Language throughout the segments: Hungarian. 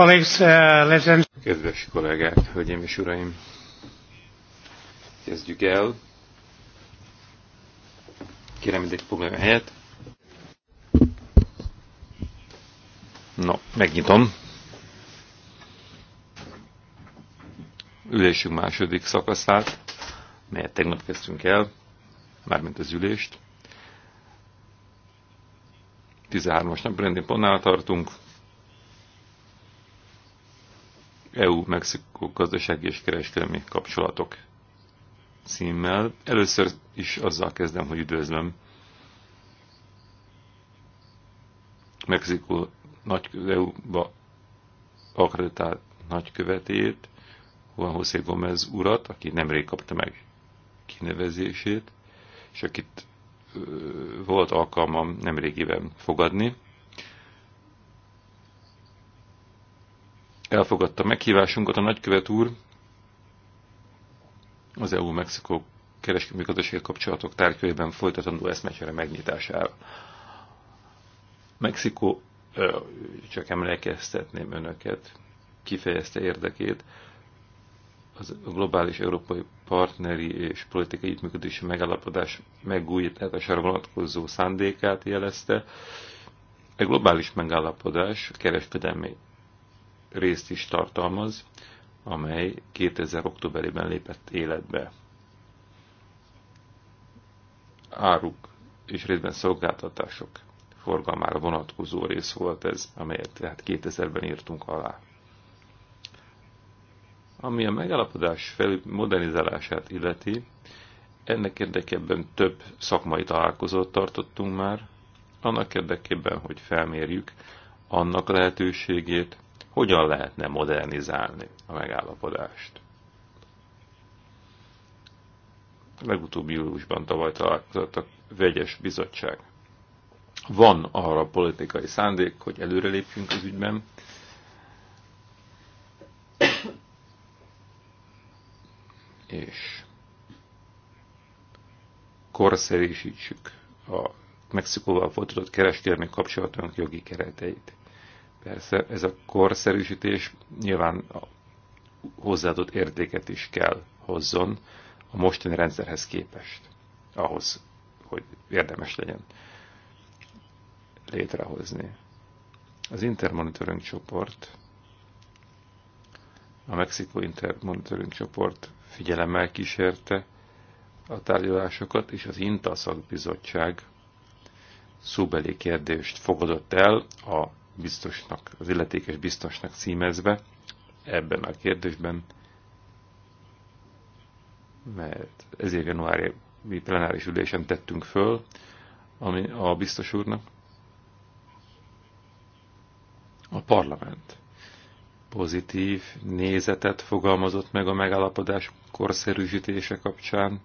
Uh, Kedves kollégák, hölgyeim és uraim, kezdjük el. Kérem, mindegy a helyet. No, megnyitom. Ülésünk második szakaszát, melyet tegnap kezdtünk el, mármint az ülést. 13-as napi pontnál tartunk, EU-Mexikó gazdasági és kereskedelmi kapcsolatok címmel. Először is azzal kezdem, hogy üdvözlöm Mexikó nagy EU-ba akreditált nagykövetét, Juan José Gómez urat, aki nemrég kapta meg kinevezését, és akit volt alkalmam nemrégiben fogadni. elfogadta meghívásunkat a nagykövet úr az EU-Mexikó kereskedelmi gazdasági kapcsolatok tárgyaiban folytatandó eszmecsere megnyitására. Mexikó, csak emlékeztetném önöket, kifejezte érdekét, az globális európai partneri és politikai együttműködési megállapodás megújítására vonatkozó szándékát jelezte. A globális megállapodás kereskedelmi részt is tartalmaz, amely 2000. októberében lépett életbe. Áruk és részben szolgáltatások forgalmára vonatkozó rész volt ez, amelyet tehát 2000-ben írtunk alá. Ami a megállapodás fel modernizálását illeti, ennek érdekében több szakmai találkozót tartottunk már, annak érdekében, hogy felmérjük annak lehetőségét, hogyan lehetne modernizálni a megállapodást. Legutóbb júliusban tavaly találkozott a vegyes bizottság. Van arra politikai szándék, hogy előrelépjünk az ügyben, és korszerűsítsük a Mexikóval folytatott kereskedelmi kapcsolatunk jogi kereteit. Persze ez a korszerűsítés nyilván hozzáadott értéket is kell hozzon a mostani rendszerhez képest, ahhoz, hogy érdemes legyen létrehozni. Az Intermonitoring csoport, a Mexikó Intermonitoring csoport figyelemmel kísérte a tárgyalásokat, és az INTA szakbizottság szóbeli kérdést fogadott el a biztosnak, az illetékes biztosnak címezve ebben a kérdésben, mert ezért januári plenáris ülésen tettünk föl ami a biztos úrnak. A parlament pozitív nézetet fogalmazott meg a megállapodás korszerűsítése kapcsán,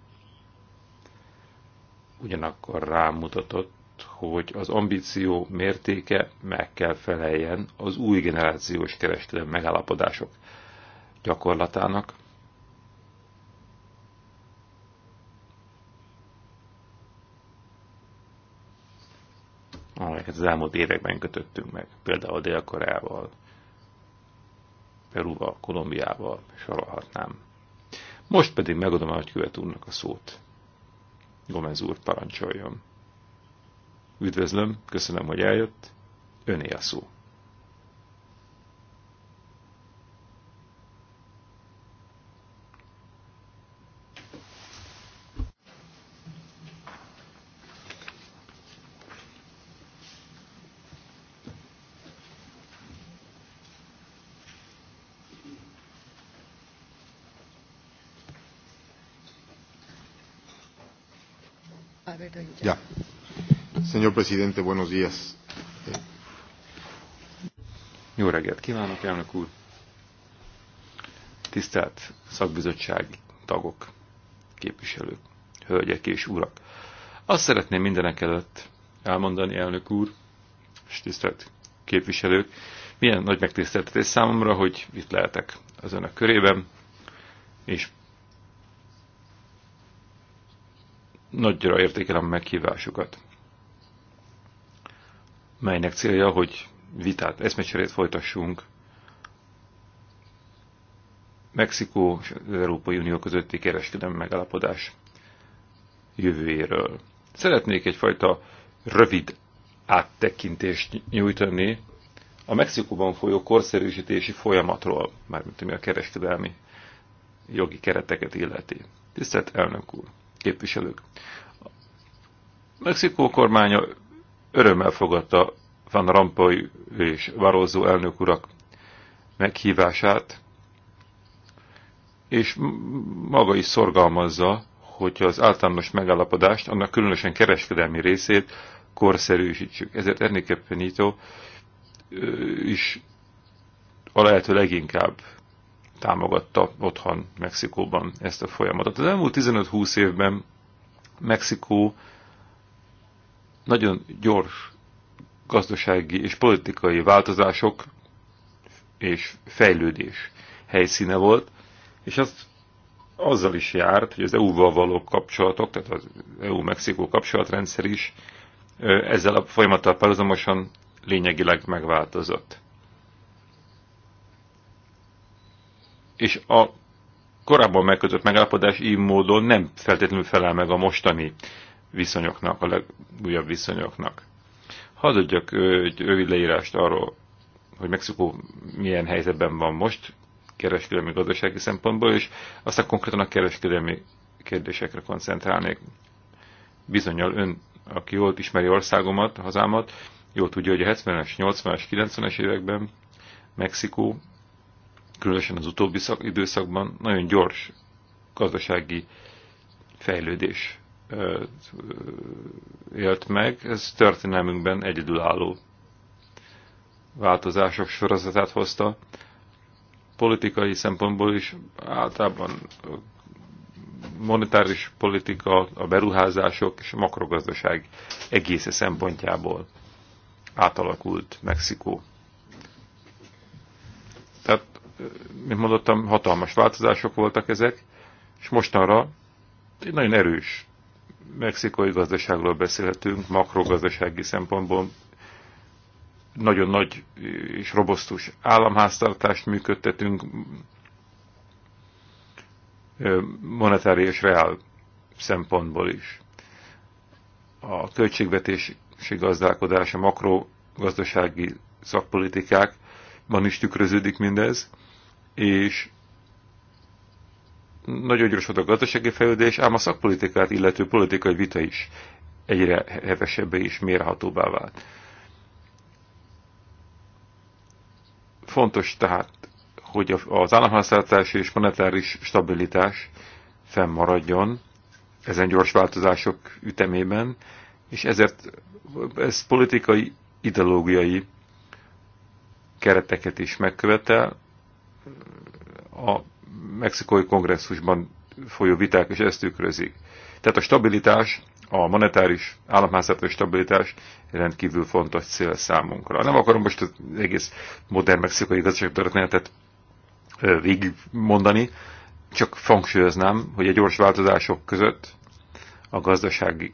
ugyanakkor rámutatott hogy az ambíció mértéke meg kell feleljen az új generációs kereskedelmi megállapodások gyakorlatának. amelyeket az elmúlt években kötöttünk meg, például Dél-Koreával, Peruval, Kolumbiával, sorolhatnám. Most pedig megadom a nagykövet úrnak a szót. Gomez úr parancsoljon. Üdvözlöm, köszönöm, hogy eljött. Öné a szó. Señor presidente, buenos días. Jó reggelt kívánok, elnök úr! Tisztelt szakbizottsági tagok, képviselők, hölgyek és urak! Azt szeretném mindenek előtt elmondani, elnök úr, és tisztelt képviselők, milyen nagy megtiszteltetés számomra, hogy itt lehetek az önök körében, és nagyra értékelem meghívásukat melynek célja, hogy vitát, eszmecserét folytassunk Mexikó és az Európai Unió közötti kereskedelmi megállapodás jövőjéről. Szeretnék egyfajta rövid áttekintést nyújtani a Mexikóban folyó korszerűsítési folyamatról, mármint ami a kereskedelmi jogi kereteket illeti. Tisztelt elnök úr, képviselők! A Mexikó kormánya örömmel fogadta Van Rampoy és Barroso elnök urak meghívását, és maga is szorgalmazza, hogy az általános megállapodást, annak különösen kereskedelmi részét korszerűsítsük. Ezért Enrique Penito is a lehető leginkább támogatta otthon Mexikóban ezt a folyamatot. Az elmúlt 15-20 évben Mexikó nagyon gyors gazdasági és politikai változások és fejlődés helyszíne volt, és azt azzal is járt, hogy az EU-val való kapcsolatok, tehát az EU-Mexikó kapcsolatrendszer is ezzel a folyamattal párhuzamosan lényegileg megváltozott. És a korábban megkötött megállapodás így módon nem feltétlenül felel meg a mostani viszonyoknak, a legújabb viszonyoknak. Hadd adjak egy rövid leírást arról, hogy Mexikó milyen helyzetben van most, kereskedelmi gazdasági szempontból, és aztán konkrétan a kereskedelmi kérdésekre koncentrálnék. Bizonyal ön, aki jól ismeri országomat, hazámat, jól tudja, hogy a 70-es, 80 es 90-es években Mexikó, különösen az utóbbi időszakban nagyon gyors gazdasági fejlődés élt meg, ez történelmünkben egyedülálló változások sorozatát hozta. Politikai szempontból is általában monetáris politika, a beruházások és a makrogazdaság egésze szempontjából átalakult Mexikó. Tehát, mint mondottam, hatalmas változások voltak ezek, és mostanra egy nagyon erős mexikai gazdaságról beszélhetünk, makrogazdasági szempontból nagyon nagy és robosztus államháztartást működtetünk, monetári és reál szempontból is. A költségvetési gazdálkodás, a makrogazdasági szakpolitikákban is tükröződik mindez, és nagyon volt a gazdasági fejlődés, ám a szakpolitikát illető politikai vita is egyre hevesebbé és mérhatóbbá vált. Fontos tehát, hogy az államháztartás és monetáris stabilitás fennmaradjon ezen gyors változások ütemében, és ezért ez politikai, ideológiai kereteket is megkövetel. A mexikói kongresszusban folyó viták is ezt tükrözik. Tehát a stabilitás, a monetáris, államháztartás stabilitás rendkívül fontos cél számunkra. Nem akarom most az egész modern mexikai gazdaságtörténetet végigmondani, csak hangsúlyoznám, hogy a gyors változások között a gazdasági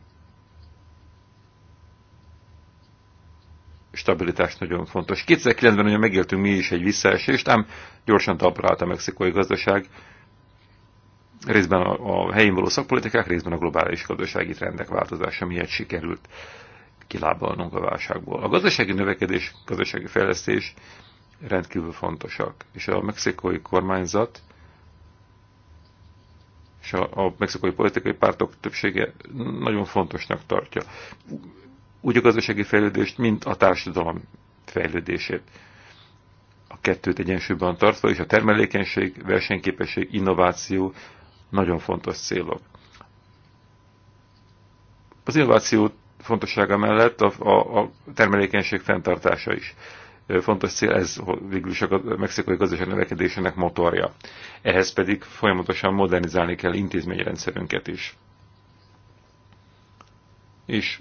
stabilitás nagyon fontos. 2009-ben ugye megéltünk mi is egy visszaesést, ám gyorsan talpra állt a mexikai gazdaság, részben a, a helyén való szakpolitikák, részben a globális gazdasági trendek változása miatt sikerült kilábalnunk a válságból. A gazdasági növekedés, gazdasági fejlesztés rendkívül fontosak, és a mexikói kormányzat és a, a mexikai politikai pártok többsége nagyon fontosnak tartja úgy a gazdasági fejlődést, mint a társadalom fejlődését. A kettőt egyensúlyban tartva, és a termelékenység, versenyképesség, innováció nagyon fontos célok. Az innováció fontossága mellett a, a, a termelékenység fenntartása is fontos cél, ez végül is a mexikai gazdaság növekedésének motorja. Ehhez pedig folyamatosan modernizálni kell intézményrendszerünket is. És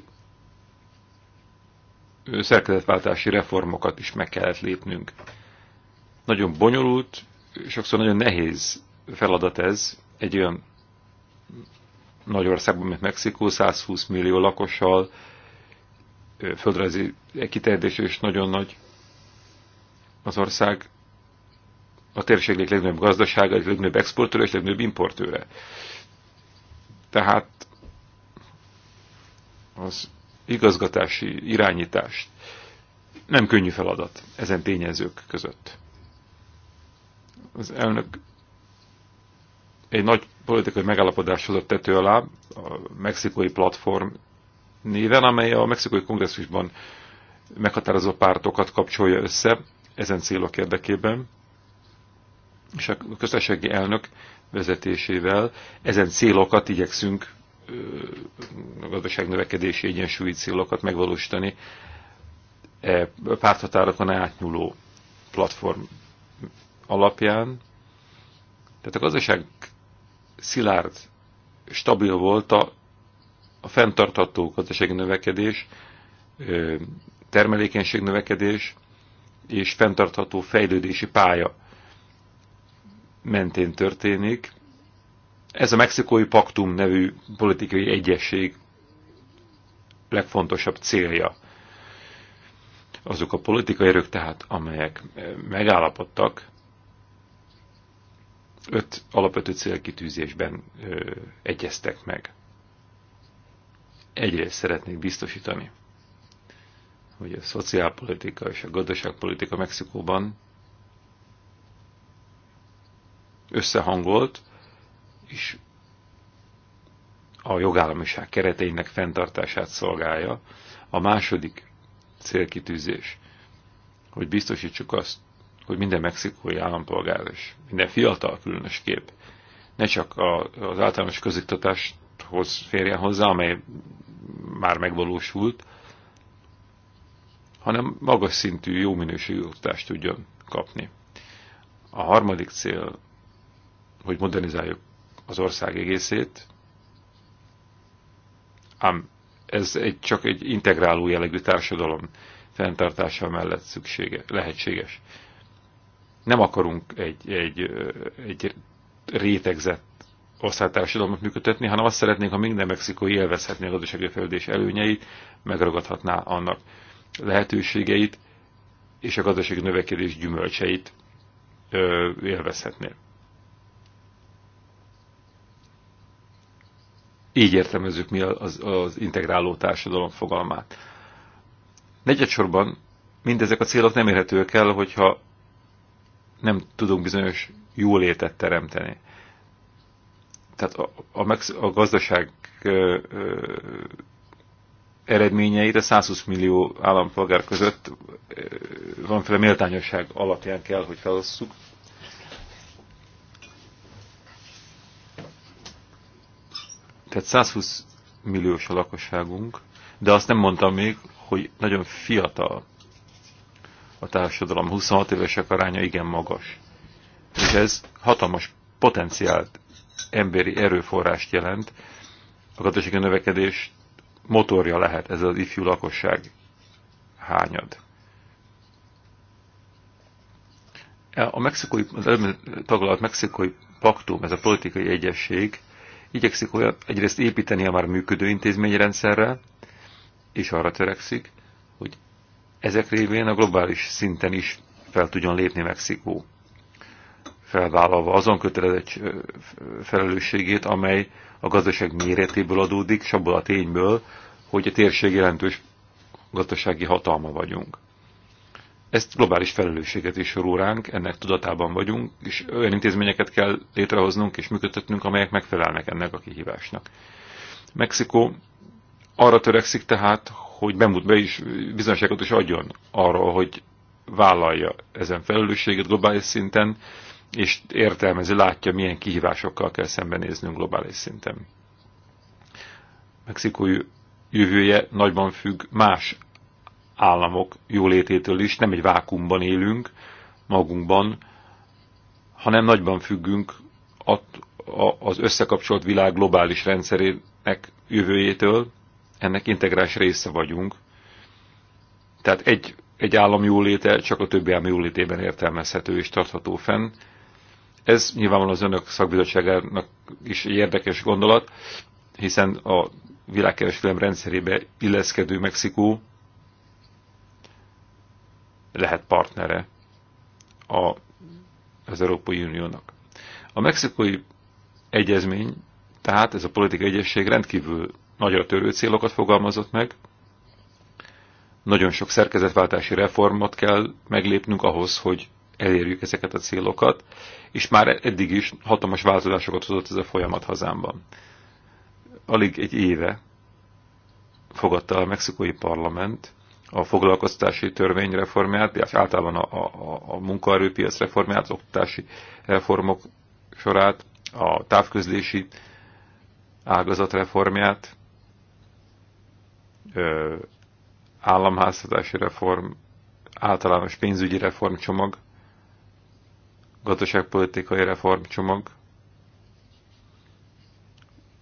szerkezetváltási reformokat is meg kellett lépnünk. Nagyon bonyolult, sokszor nagyon nehéz feladat ez egy olyan nagy országban, mint Mexikó, 120 millió lakossal, földrajzi kiterjedése is nagyon nagy az ország, a térség legnagyobb gazdasága, legnagyobb exportőre és legnagyobb importőre. Tehát az igazgatási irányítást. Nem könnyű feladat ezen tényezők között. Az elnök egy nagy politikai megállapodás hozott tető alá a mexikói platform néven, amely a mexikói kongresszusban meghatározó pártokat kapcsolja össze ezen célok érdekében, és a köztársasági elnök vezetésével ezen célokat igyekszünk növekedési egyensúlyi célokat megvalósítani e párthatárokon átnyúló platform alapján. Tehát a gazdaság szilárd, stabil volt a, a fenntartható gazdasági növekedés, termelékenység növekedés és fenntartható fejlődési pálya mentén történik, ez a mexikói paktum nevű politikai egyesség legfontosabb célja. Azok a politikai erők tehát, amelyek eh, megállapodtak, öt alapvető célkitűzésben ö, eh, egyeztek meg. Egyrészt szeretnék biztosítani, hogy a szociálpolitika és a gazdaságpolitika Mexikóban összehangolt, is a jogállamiság kereteinek fenntartását szolgálja. A második célkitűzés, hogy biztosítsuk azt, hogy minden mexikói állampolgár és minden fiatal különös kép ne csak az általános köziktatáshoz férjen hozzá, amely már megvalósult, hanem magas szintű, jó minőségű oktatást tudjon kapni. A harmadik cél, hogy modernizáljuk az ország egészét, ám ez egy, csak egy integráló jellegű társadalom fenntartása mellett szüksége, lehetséges. Nem akarunk egy, egy, egy rétegzett osztálytársadalmat működtetni, hanem azt szeretnénk, ha minden mexikói élvezhetné a gazdasági fejlődés előnyeit, megragadhatná annak lehetőségeit, és a gazdasági növekedés gyümölcseit ö, élvezhetné. Így értelmezzük mi az, az integráló társadalom fogalmát. Negyedsorban mindezek a célok nem érhetőek el, hogyha nem tudunk bizonyos jólétet teremteni. Tehát a, a, megsz, a gazdaság ö, ö, a 120 millió állampolgár között ö, van fele méltányosság alapján kell, hogy felosszuk, Tehát 120 milliós a lakosságunk, de azt nem mondtam még, hogy nagyon fiatal a társadalom. 26 évesek aránya igen magas. És ez hatalmas potenciált emberi erőforrást jelent. A gazdasági növekedés motorja lehet ez az ifjú lakosság hányad. A mexikói, az előbb taglalt mexikói paktum, ez a politikai egyesség igyekszik olyan, egyrészt építeni a már működő intézményrendszerre, és arra törekszik, hogy ezek révén a globális szinten is fel tudjon lépni Mexikó, felvállalva azon kötelezett felelősségét, amely a gazdaság méretéből adódik, és abból a tényből, hogy a térség jelentős gazdasági hatalma vagyunk ezt globális felelősséget is sorol ránk, ennek tudatában vagyunk, és olyan intézményeket kell létrehoznunk és működtetnünk, amelyek megfelelnek ennek a kihívásnak. Mexikó arra törekszik tehát, hogy bemut be is bizonyságot is adjon arra, hogy vállalja ezen felelősséget globális szinten, és értelmezi, látja, milyen kihívásokkal kell szembenéznünk globális szinten. Mexikó jövője nagyban függ más államok jólététől is, nem egy vákumban élünk magunkban, hanem nagyban függünk az összekapcsolt világ globális rendszerének jövőjétől, ennek integráns része vagyunk. Tehát egy, egy állam jóléte csak a többi állam jólétében értelmezhető és tartható fenn. Ez nyilvánvalóan az önök szakbizottságának is egy érdekes gondolat, hiszen a világkereskedelem rendszerébe illeszkedő Mexikó lehet partnere a, az Európai Uniónak. A mexikói egyezmény, tehát ez a politikai egyesség rendkívül nagyra törő célokat fogalmazott meg, nagyon sok szerkezetváltási reformot kell meglépnünk ahhoz, hogy elérjük ezeket a célokat, és már eddig is hatalmas változásokat hozott ez a folyamat hazámban. Alig egy éve fogadta a mexikói parlament a foglalkoztási törvény reformját, és általában a, a, a munkaerőpiac reformját, az oktatási reformok sorát, a távközlési ágazat reformját, államháztatási reform, általános pénzügyi reformcsomag, gazdaságpolitikai reformcsomag,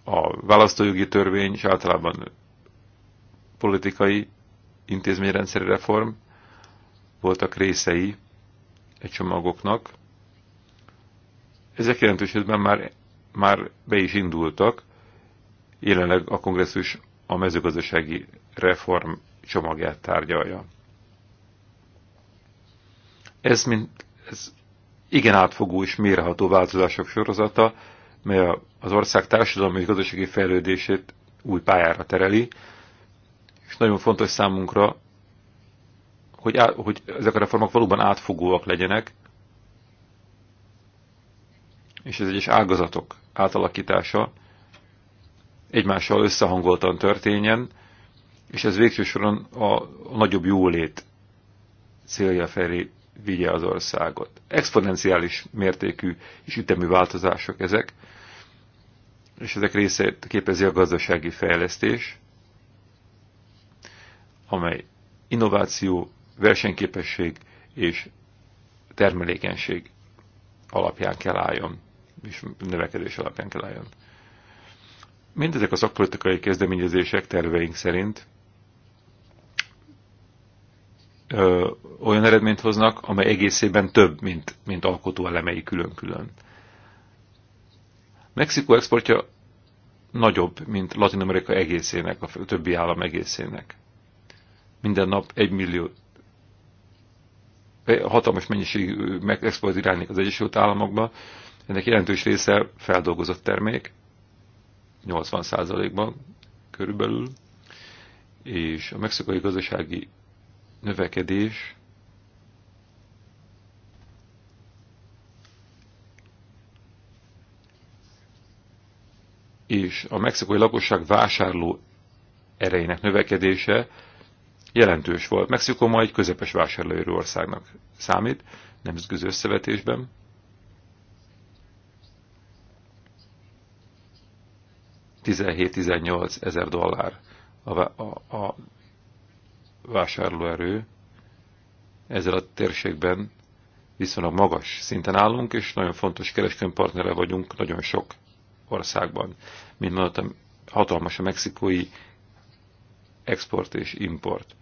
a választójogi törvény és általában politikai intézményrendszeri reform, voltak részei egy csomagoknak. Ezek jelentősödben már, már be is indultak, jelenleg a kongresszus a mezőgazdasági reform csomagját tárgyalja. Ez, mint, ez igen átfogó és mérható változások sorozata, mely az ország társadalmi és gazdasági fejlődését új pályára tereli, és nagyon fontos számunkra, hogy, á, hogy ezek a reformok valóban átfogóak legyenek, és ez egyes ágazatok átalakítása egymással összehangoltan történjen, és ez végső soron a, a nagyobb jólét célja felé vigye az országot. Exponenciális mértékű és ütemű változások ezek, és ezek részét képezi a gazdasági fejlesztés, amely innováció, versenyképesség és termelékenység alapján kell álljon, és növekedés alapján kell álljon. Mindezek a szakpolitikai kezdeményezések terveink szerint ö, olyan eredményt hoznak, amely egészében több, mint, mint alkotó elemei külön-külön. Mexikó exportja nagyobb, mint Latin Amerika egészének, a többi állam egészének minden nap egy millió hatalmas mennyiség exportálnék az Egyesült Államokba. Ennek jelentős része feldolgozott termék, 80%-ban körülbelül, és a mexikai gazdasági növekedés és a mexikai lakosság vásárló erejének növekedése jelentős volt. Mexikó ma egy közepes vásárlóerő országnak számít, nemzetközi összevetésben. ezer dollár a, a, a vásárlóerő. Ezzel a térségben viszonylag magas szinten állunk, és nagyon fontos kereskedelmi partnere vagyunk nagyon sok országban. Mint mondottam, hatalmas a mexikói export és import.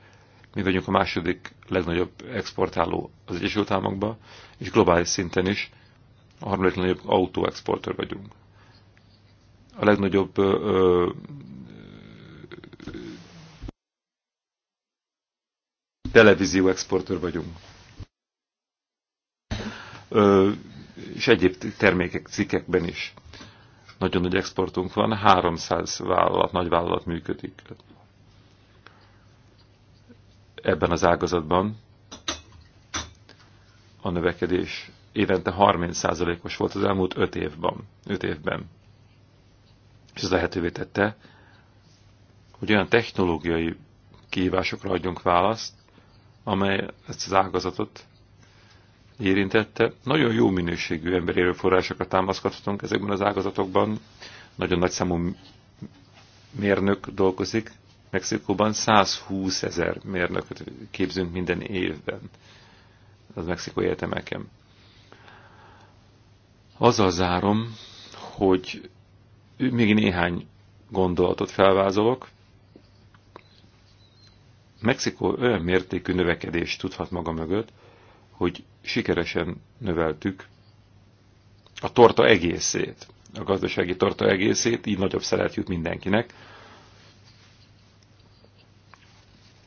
Mi vagyunk a második legnagyobb exportáló az Egyesült Államokba, és globális szinten is a harmadik legnagyobb autóexportőr vagyunk. A legnagyobb ö, ö, televízió exportőr vagyunk. Ö, és egyéb termékek, cikkekben is. Nagyon nagy exportunk van, 300 vállalat, nagy vállalat működik ebben az ágazatban a növekedés évente 30%-os volt az elmúlt 5 évben. 5 évben. És ez lehetővé tette, hogy olyan technológiai kihívásokra adjunk választ, amely ezt az ágazatot érintette. Nagyon jó minőségű emberi erőforrásokra támaszkodhatunk ezekben az ágazatokban. Nagyon nagy számú mérnök dolgozik Mexikóban 120 ezer mérnököt képzünk minden évben az mexikói egyetemeken. Azzal zárom, hogy még néhány gondolatot felvázolok. Mexikó olyan mértékű növekedést tudhat maga mögött, hogy sikeresen növeltük a torta egészét, a gazdasági torta egészét, így nagyobb szeret jut mindenkinek.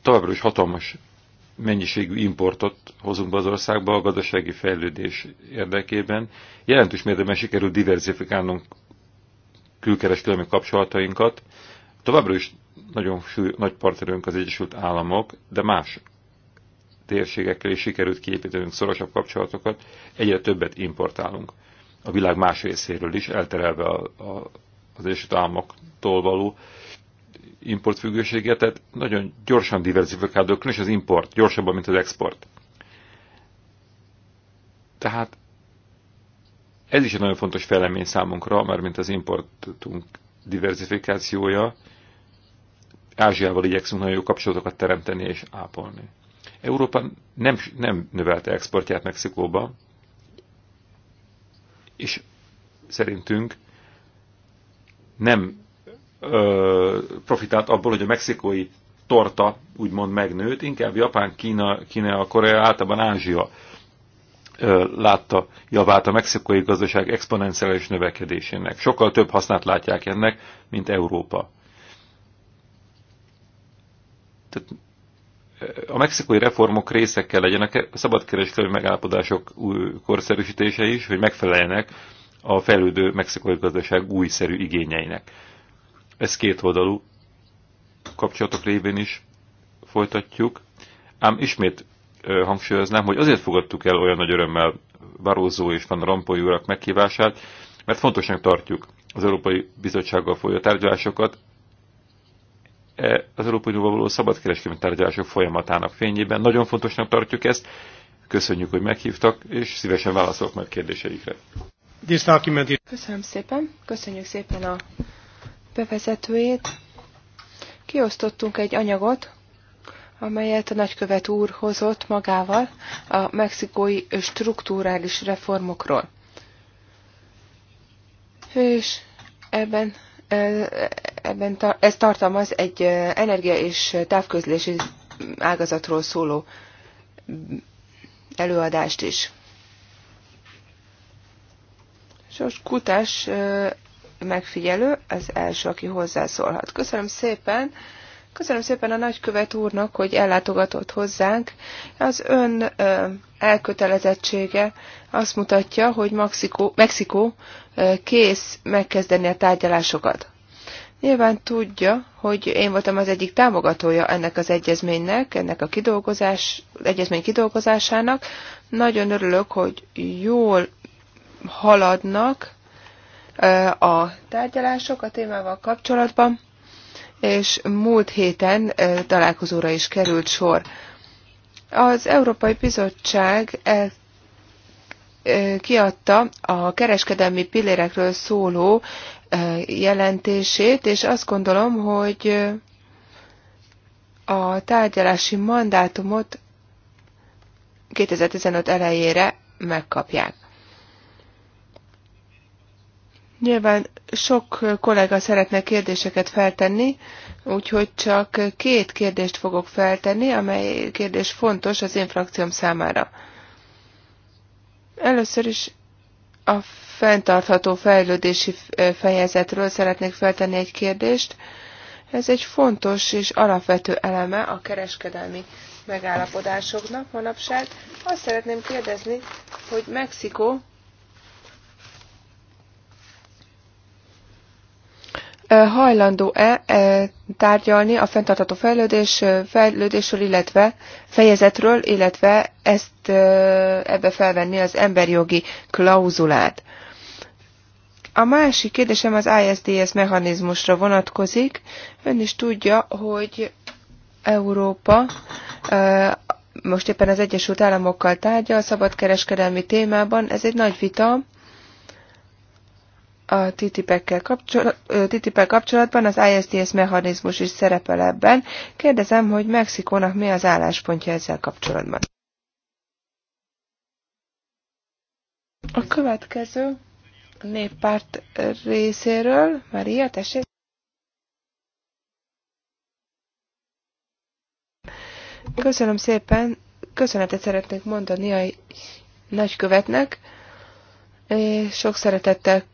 továbbra is hatalmas mennyiségű importot hozunk be az országba a gazdasági fejlődés érdekében. Jelentős mértékben sikerült diversifikálnunk külkereskedelmi kapcsolatainkat. Továbbra is nagyon súly, nagy partnerünk az Egyesült Államok, de más térségekkel is sikerült kiépítenünk szorosabb kapcsolatokat, egyre többet importálunk. A világ más részéről is, elterelve a, a, az Egyesült Államoktól való importfüggőséget, tehát nagyon gyorsan diversifikálódó, különösen az import, gyorsabban, mint az export. Tehát ez is egy nagyon fontos felemény számunkra, mert mint az importunk diversifikációja, Ázsiával igyekszünk nagyon jó kapcsolatokat teremteni és ápolni. Európa nem, nem növelte exportját Mexikóba, és szerintünk nem ö, profitált abból, hogy a mexikói torta úgymond megnőtt, inkább Japán, Kína, Kína, Korea, általában Ázsia látta javát a mexikói gazdaság exponenciális növekedésének. Sokkal több hasznát látják ennek, mint Európa. Tehát a mexikói reformok része kell a szabadkereskedelmi megállapodások korszerűsítése is, hogy megfeleljenek a fejlődő mexikói gazdaság újszerű igényeinek. Ezt két oldalú kapcsolatok révén is folytatjuk, ám ismét hangsúlyoznám, hogy azért fogadtuk el olyan nagy örömmel Barózó és Van Rompuy urak meghívását, mert fontosnak tartjuk az Európai Bizottsággal folyó tárgyalásokat, e, az Európai Unióval való szabadkereskedelmi tárgyalások folyamatának fényében. Nagyon fontosnak tartjuk ezt, köszönjük, hogy meghívtak, és szívesen válaszolok meg kérdéseikre. Köszönöm szépen, köszönjük szépen a bevezetőjét. Kiosztottunk egy anyagot, amelyet a nagykövet úr hozott magával a mexikói struktúrális reformokról. És ebben, ebben ez tartalmaz egy energia és távközlési ágazatról szóló előadást is. Sos Kutás megfigyelő az első, aki hozzászólhat. Köszönöm szépen! Köszönöm szépen a nagykövet úrnak, hogy ellátogatott hozzánk. Az ön elkötelezettsége azt mutatja, hogy Mexikó, Mexikó kész megkezdeni a tárgyalásokat. Nyilván tudja, hogy én voltam az egyik támogatója ennek az egyezménynek, ennek a kidolgozás, egyezmény kidolgozásának. Nagyon örülök, hogy jól haladnak, a tárgyalások a témával kapcsolatban, és múlt héten találkozóra is került sor. Az Európai Bizottság kiadta a kereskedelmi pillérekről szóló jelentését, és azt gondolom, hogy a tárgyalási mandátumot 2015 elejére megkapják. Nyilván sok kollega szeretne kérdéseket feltenni, úgyhogy csak két kérdést fogok feltenni, amely kérdés fontos az én frakcióm számára. Először is a fenntartható fejlődési fejezetről szeretnék feltenni egy kérdést. Ez egy fontos és alapvető eleme a kereskedelmi megállapodásoknak manapság. Azt szeretném kérdezni, hogy Mexikó hajlandó-e tárgyalni a fenntartható fejlődés, fejlődésről, illetve fejezetről, illetve ezt ebbe felvenni az emberjogi klauzulát. A másik kérdésem az ISDS mechanizmusra vonatkozik. Ön is tudja, hogy Európa most éppen az Egyesült Államokkal tárgyal a szabadkereskedelmi témában. Ez egy nagy vita, a TTIP-ekkel kapcsolat, TTIP kapcsolatban az ISDS mechanizmus is szerepel ebben. Kérdezem, hogy Mexikónak mi az álláspontja ezzel kapcsolatban. A következő néppárt részéről, Maria, tessék. Köszönöm szépen, köszönetet szeretnék mondani a nagykövetnek, és sok szeretettel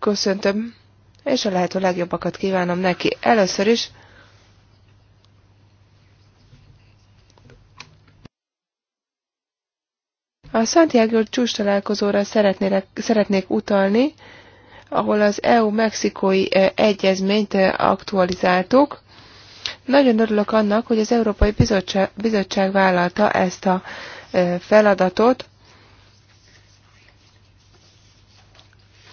köszöntöm, és a lehető legjobbakat kívánom neki. Először is A Santiago csúcs találkozóra szeretnék utalni, ahol az EU-mexikói egyezményt aktualizáltuk. Nagyon örülök annak, hogy az Európai Bizottság, Bizottság vállalta ezt a feladatot,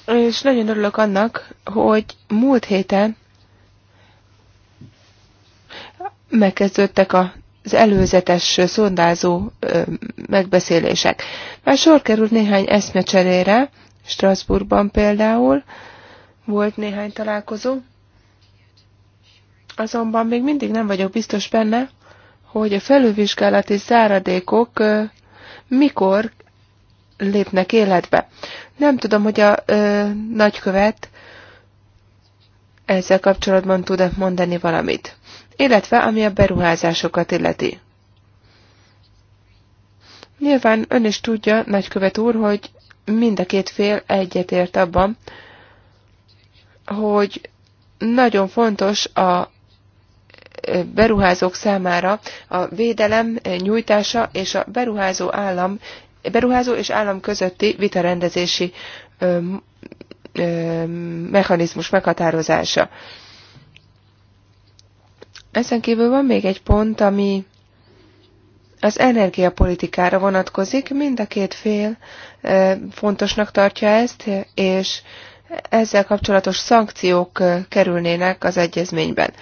és nagyon örülök annak, hogy múlt héten megkezdődtek az előzetes szondázó megbeszélések. Már sor került néhány eszmecserére, Strasbourgban például volt néhány találkozó, azonban még mindig nem vagyok biztos benne, hogy a felülvizsgálati záradékok mikor lépnek életbe. Nem tudom, hogy a ö, nagykövet ezzel kapcsolatban tud-e mondani valamit, illetve ami a beruházásokat illeti. Nyilván ön is tudja, nagykövet úr, hogy mind a két fél egyetért abban, hogy nagyon fontos a beruházók számára a védelem nyújtása és a beruházó állam beruházó és állam közötti vitarendezési mechanizmus meghatározása. Ezen kívül van még egy pont, ami az energiapolitikára vonatkozik. Mind a két fél fontosnak tartja ezt, és ezzel kapcsolatos szankciók kerülnének az egyezményben.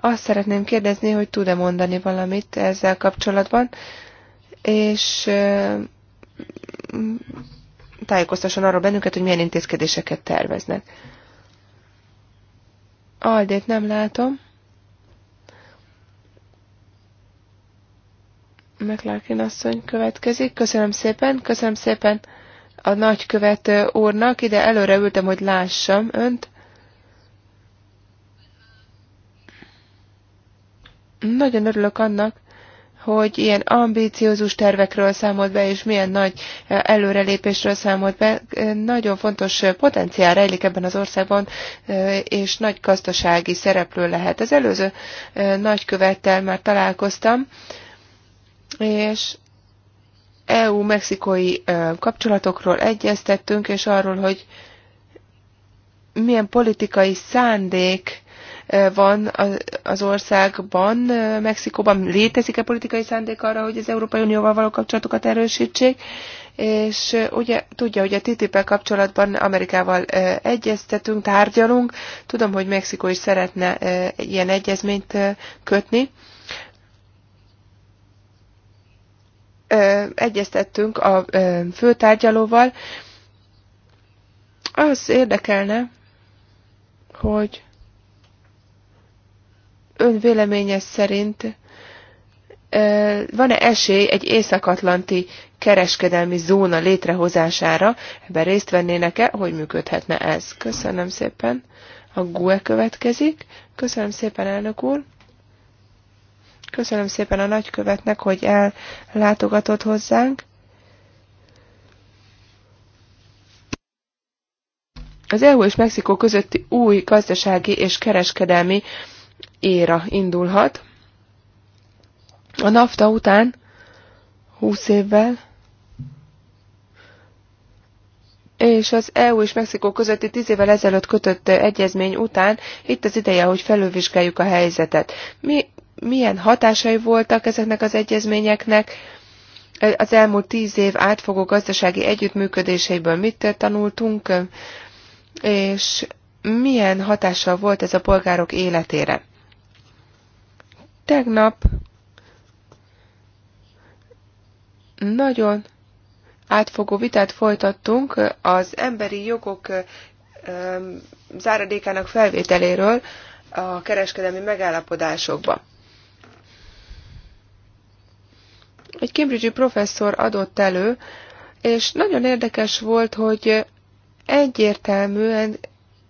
Azt szeretném kérdezni, hogy tud-e mondani valamit ezzel kapcsolatban, és tájékoztasson arról bennünket, hogy milyen intézkedéseket terveznek. Aldét nem látom. McLarkin asszony következik. Köszönöm szépen, köszönöm szépen a nagykövet úrnak. Ide előre ültem, hogy lássam önt. Nagyon örülök annak, hogy ilyen ambíciózus tervekről számolt be, és milyen nagy eh, előrelépésről számolt be. Eh, nagyon fontos eh, potenciál rejlik ebben az országban, és nagy gazdasági szereplő lehet. Az előző nagykövettel már találkoztam, és EU-mexikói kapcsolatokról egyeztettünk, és arról, hogy milyen politikai szándék van az országban, Mexikóban? Létezik-e politikai szándék arra, hogy az Európai Unióval való kapcsolatokat erősítsék? És ugye tudja, hogy a ttip kapcsolatban Amerikával egyeztetünk, tárgyalunk. Tudom, hogy Mexikó is szeretne ilyen egyezményt kötni. Egyeztettünk a főtárgyalóval. Az érdekelne, hogy ön véleménye szerint van-e esély egy északatlanti kereskedelmi zóna létrehozására? Ebben részt vennének-e? Hogy működhetne ez? Köszönöm szépen. A GUE következik. Köszönöm szépen, elnök úr. Köszönöm szépen a nagykövetnek, hogy ellátogatott hozzánk. Az EU és Mexikó közötti új gazdasági és kereskedelmi éra indulhat. A NAFTA után 20 évvel és az EU és Mexikó közötti tíz évvel ezelőtt kötött egyezmény után itt az ideje, hogy felülvizsgáljuk a helyzetet. Mi, milyen hatásai voltak ezeknek az egyezményeknek? Az elmúlt tíz év átfogó gazdasági együttműködéseiből mit tanultunk, és milyen hatással volt ez a polgárok életére? Tegnap nagyon átfogó vitát folytattunk az emberi jogok záradékának felvételéről a kereskedelmi megállapodásokba. Egy cambridge professzor adott elő, és nagyon érdekes volt, hogy egyértelműen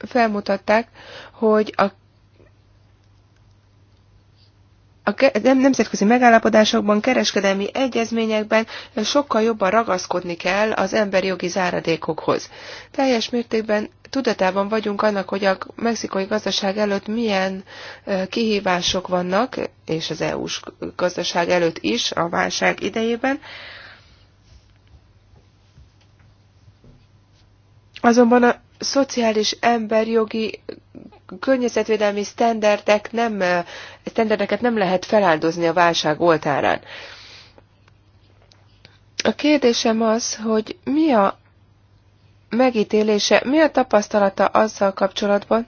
felmutatták, hogy a a nemzetközi megállapodásokban, kereskedelmi egyezményekben sokkal jobban ragaszkodni kell az emberi jogi záradékokhoz. Teljes mértékben tudatában vagyunk annak, hogy a mexikai gazdaság előtt milyen kihívások vannak, és az EU-s gazdaság előtt is a válság idejében. Azonban a szociális emberjogi környezetvédelmi standardek nem, standardeket nem lehet feláldozni a válság oltárán. A kérdésem az, hogy mi a megítélése, mi a tapasztalata azzal kapcsolatban,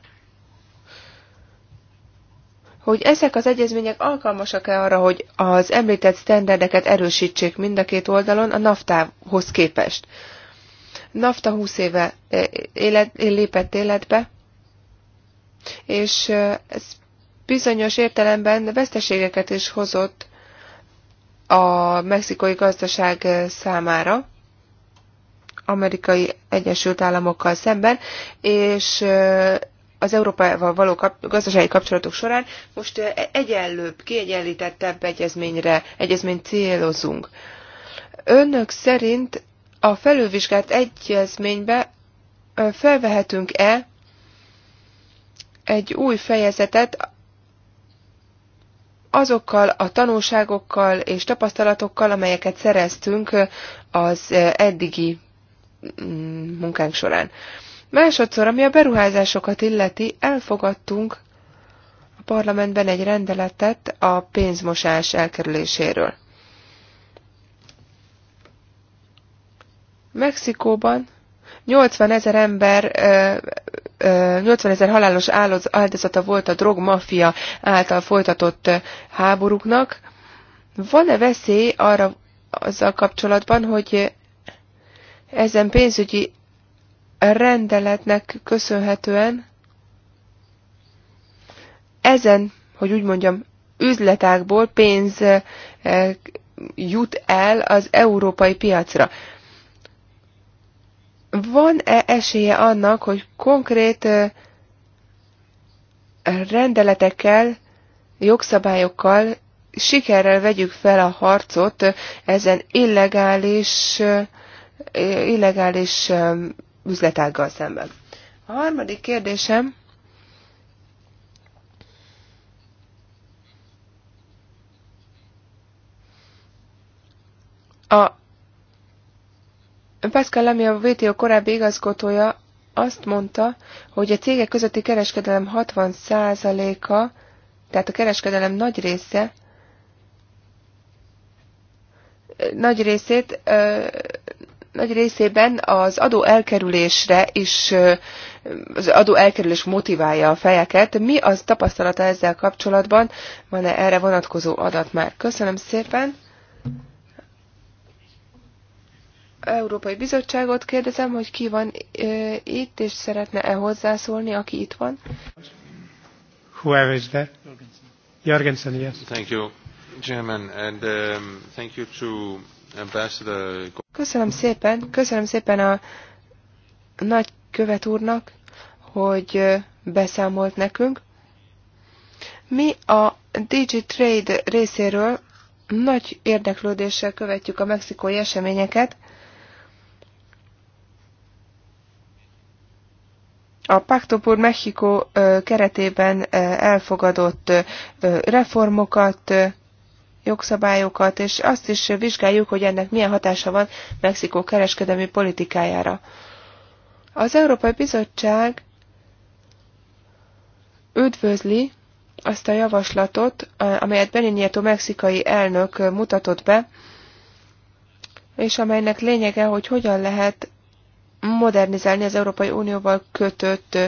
hogy ezek az egyezmények alkalmasak-e arra, hogy az említett sztenderdeket erősítsék mind a két oldalon a naftához képest. NAFTA 20 éve eh, élet, lépett életbe, és ez bizonyos értelemben veszteségeket is hozott a mexikai gazdaság számára, amerikai Egyesült Államokkal szemben, és az Európával való kap- gazdasági kapcsolatok során most e-, egyenlőbb, kiegyenlítettebb egyezményre, egyezményt célozunk. Önök szerint a felülvizsgált egyezménybe felvehetünk-e egy új fejezetet azokkal a tanulságokkal és tapasztalatokkal, amelyeket szereztünk az eddigi mm, munkánk során. Másodszor, ami a beruházásokat illeti, elfogadtunk a parlamentben egy rendeletet a pénzmosás elkerüléséről. Mexikóban 80 ezer ember, 80 ezer halálos áldozata volt a drogmafia által folytatott háborúknak. Van-e veszély arra azzal kapcsolatban, hogy ezen pénzügyi rendeletnek köszönhetően ezen, hogy úgy mondjam, üzletákból pénz jut el az európai piacra. Van-e esélye annak, hogy konkrét rendeletekkel, jogszabályokkal sikerrel vegyük fel a harcot ezen illegális, illegális üzletággal szemben? A harmadik kérdésem, a Pascal Lamy, a VTO korábbi igazgatója azt mondta, hogy a cégek közötti kereskedelem 60%-a, tehát a kereskedelem nagy része, nagy részét, nagy részében az adó elkerülésre is, az adó elkerülés motiválja a fejeket. Mi az tapasztalata ezzel kapcsolatban? Van-e erre vonatkozó adat már? Köszönöm szépen! Európai Bizottságot kérdezem, hogy ki van e, itt, és szeretne-e hozzászólni, aki itt van. Whoever is there. Jorgensen, yes. Thank you, Chairman, and um, thank you to Ambassador... Köszönöm szépen, köszönöm szépen a nagy követ úrnak, hogy beszámolt nekünk. Mi a DigiTrade részéről nagy érdeklődéssel követjük a mexikói eseményeket, a Pacto por Mexico keretében elfogadott reformokat, jogszabályokat, és azt is vizsgáljuk, hogy ennek milyen hatása van Mexikó kereskedelmi politikájára. Az Európai Bizottság üdvözli azt a javaslatot, amelyet Benignétó mexikai elnök mutatott be, és amelynek lényege, hogy hogyan lehet modernizálni az Európai Unióval kötött,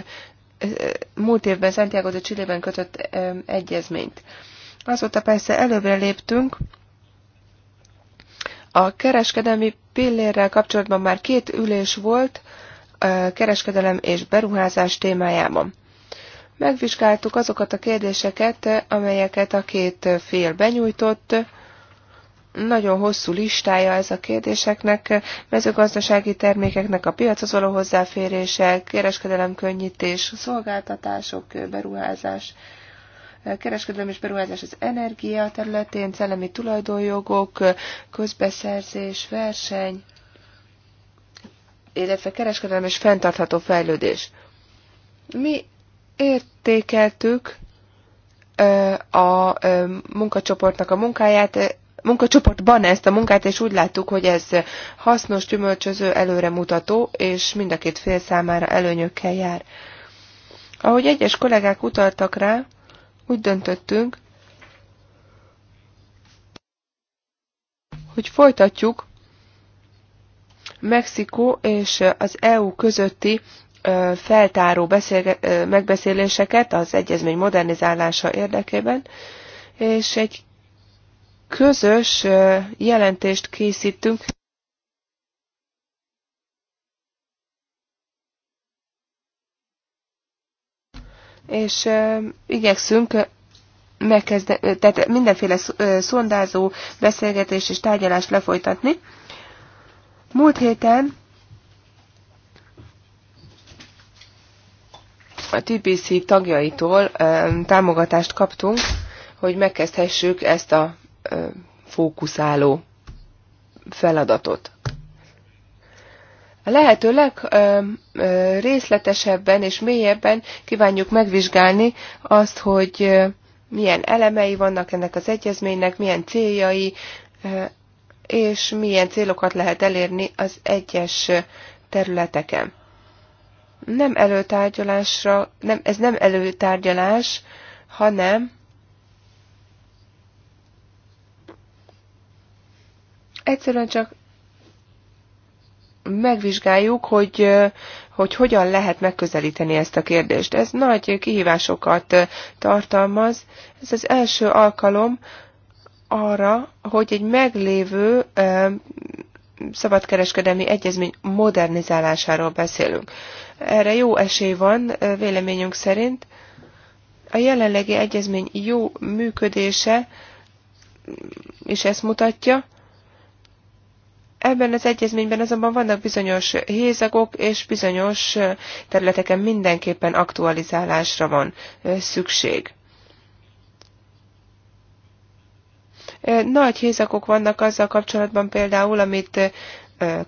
múlt évben Santiago de Chileben kötött egyezményt. Azóta persze előbbre léptünk, a kereskedelmi pillérrel kapcsolatban már két ülés volt, kereskedelem és beruházás témájában. Megvizsgáltuk azokat a kérdéseket, amelyeket a két fél benyújtott, nagyon hosszú listája ez a kérdéseknek, mezőgazdasági termékeknek a piachoz való hozzáférése, kereskedelem könnyítés, szolgáltatások, beruházás, kereskedelem és beruházás az energia területén, szellemi tulajdonjogok, közbeszerzés, verseny, illetve kereskedelem és fenntartható fejlődés. Mi értékeltük a munkacsoportnak a munkáját, munkacsoportban ezt a munkát, és úgy láttuk, hogy ez hasznos, gyümölcsöző, előremutató, és mind a két fél számára előnyökkel jár. Ahogy egyes kollégák utaltak rá, úgy döntöttünk, hogy folytatjuk Mexikó és az EU közötti feltáró megbeszéléseket az egyezmény modernizálása érdekében, és egy közös jelentést készítünk. És igyekszünk megkezde, tehát mindenféle szondázó beszélgetés és tárgyalást lefolytatni. Múlt héten a TPC tagjaitól támogatást kaptunk, hogy megkezdhessük ezt a fókuszáló feladatot. A lehető legrészletesebben és mélyebben kívánjuk megvizsgálni azt, hogy milyen elemei vannak ennek az egyezménynek, milyen céljai, és milyen célokat lehet elérni az egyes területeken. Nem előtárgyalásra, nem, ez nem előtárgyalás, hanem Egyszerűen csak megvizsgáljuk, hogy, hogy hogyan lehet megközelíteni ezt a kérdést. Ez nagy kihívásokat tartalmaz. Ez az első alkalom arra, hogy egy meglévő szabadkereskedelmi egyezmény modernizálásáról beszélünk. Erre jó esély van véleményünk szerint. A jelenlegi egyezmény jó működése, és ezt mutatja, Ebben az egyezményben azonban vannak bizonyos hézagok, és bizonyos területeken mindenképpen aktualizálásra van szükség. Nagy hézakok vannak azzal kapcsolatban például, amit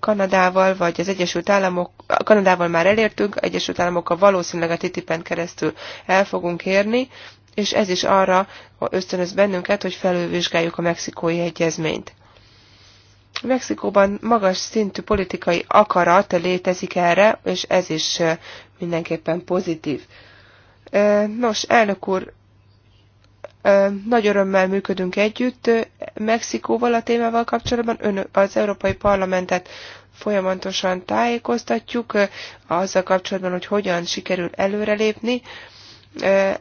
Kanadával, vagy az Egyesült Államok, Kanadával már elértünk, Egyesült Államokkal valószínűleg a TTIP-en keresztül el fogunk érni, és ez is arra ösztönöz bennünket, hogy felülvizsgáljuk a mexikói egyezményt. Mexikóban magas szintű politikai akarat létezik erre, és ez is mindenképpen pozitív. Nos, elnök úr, nagy örömmel működünk együtt Mexikóval a témával kapcsolatban. Ön az Európai Parlamentet folyamatosan tájékoztatjuk azzal kapcsolatban, hogy hogyan sikerül előrelépni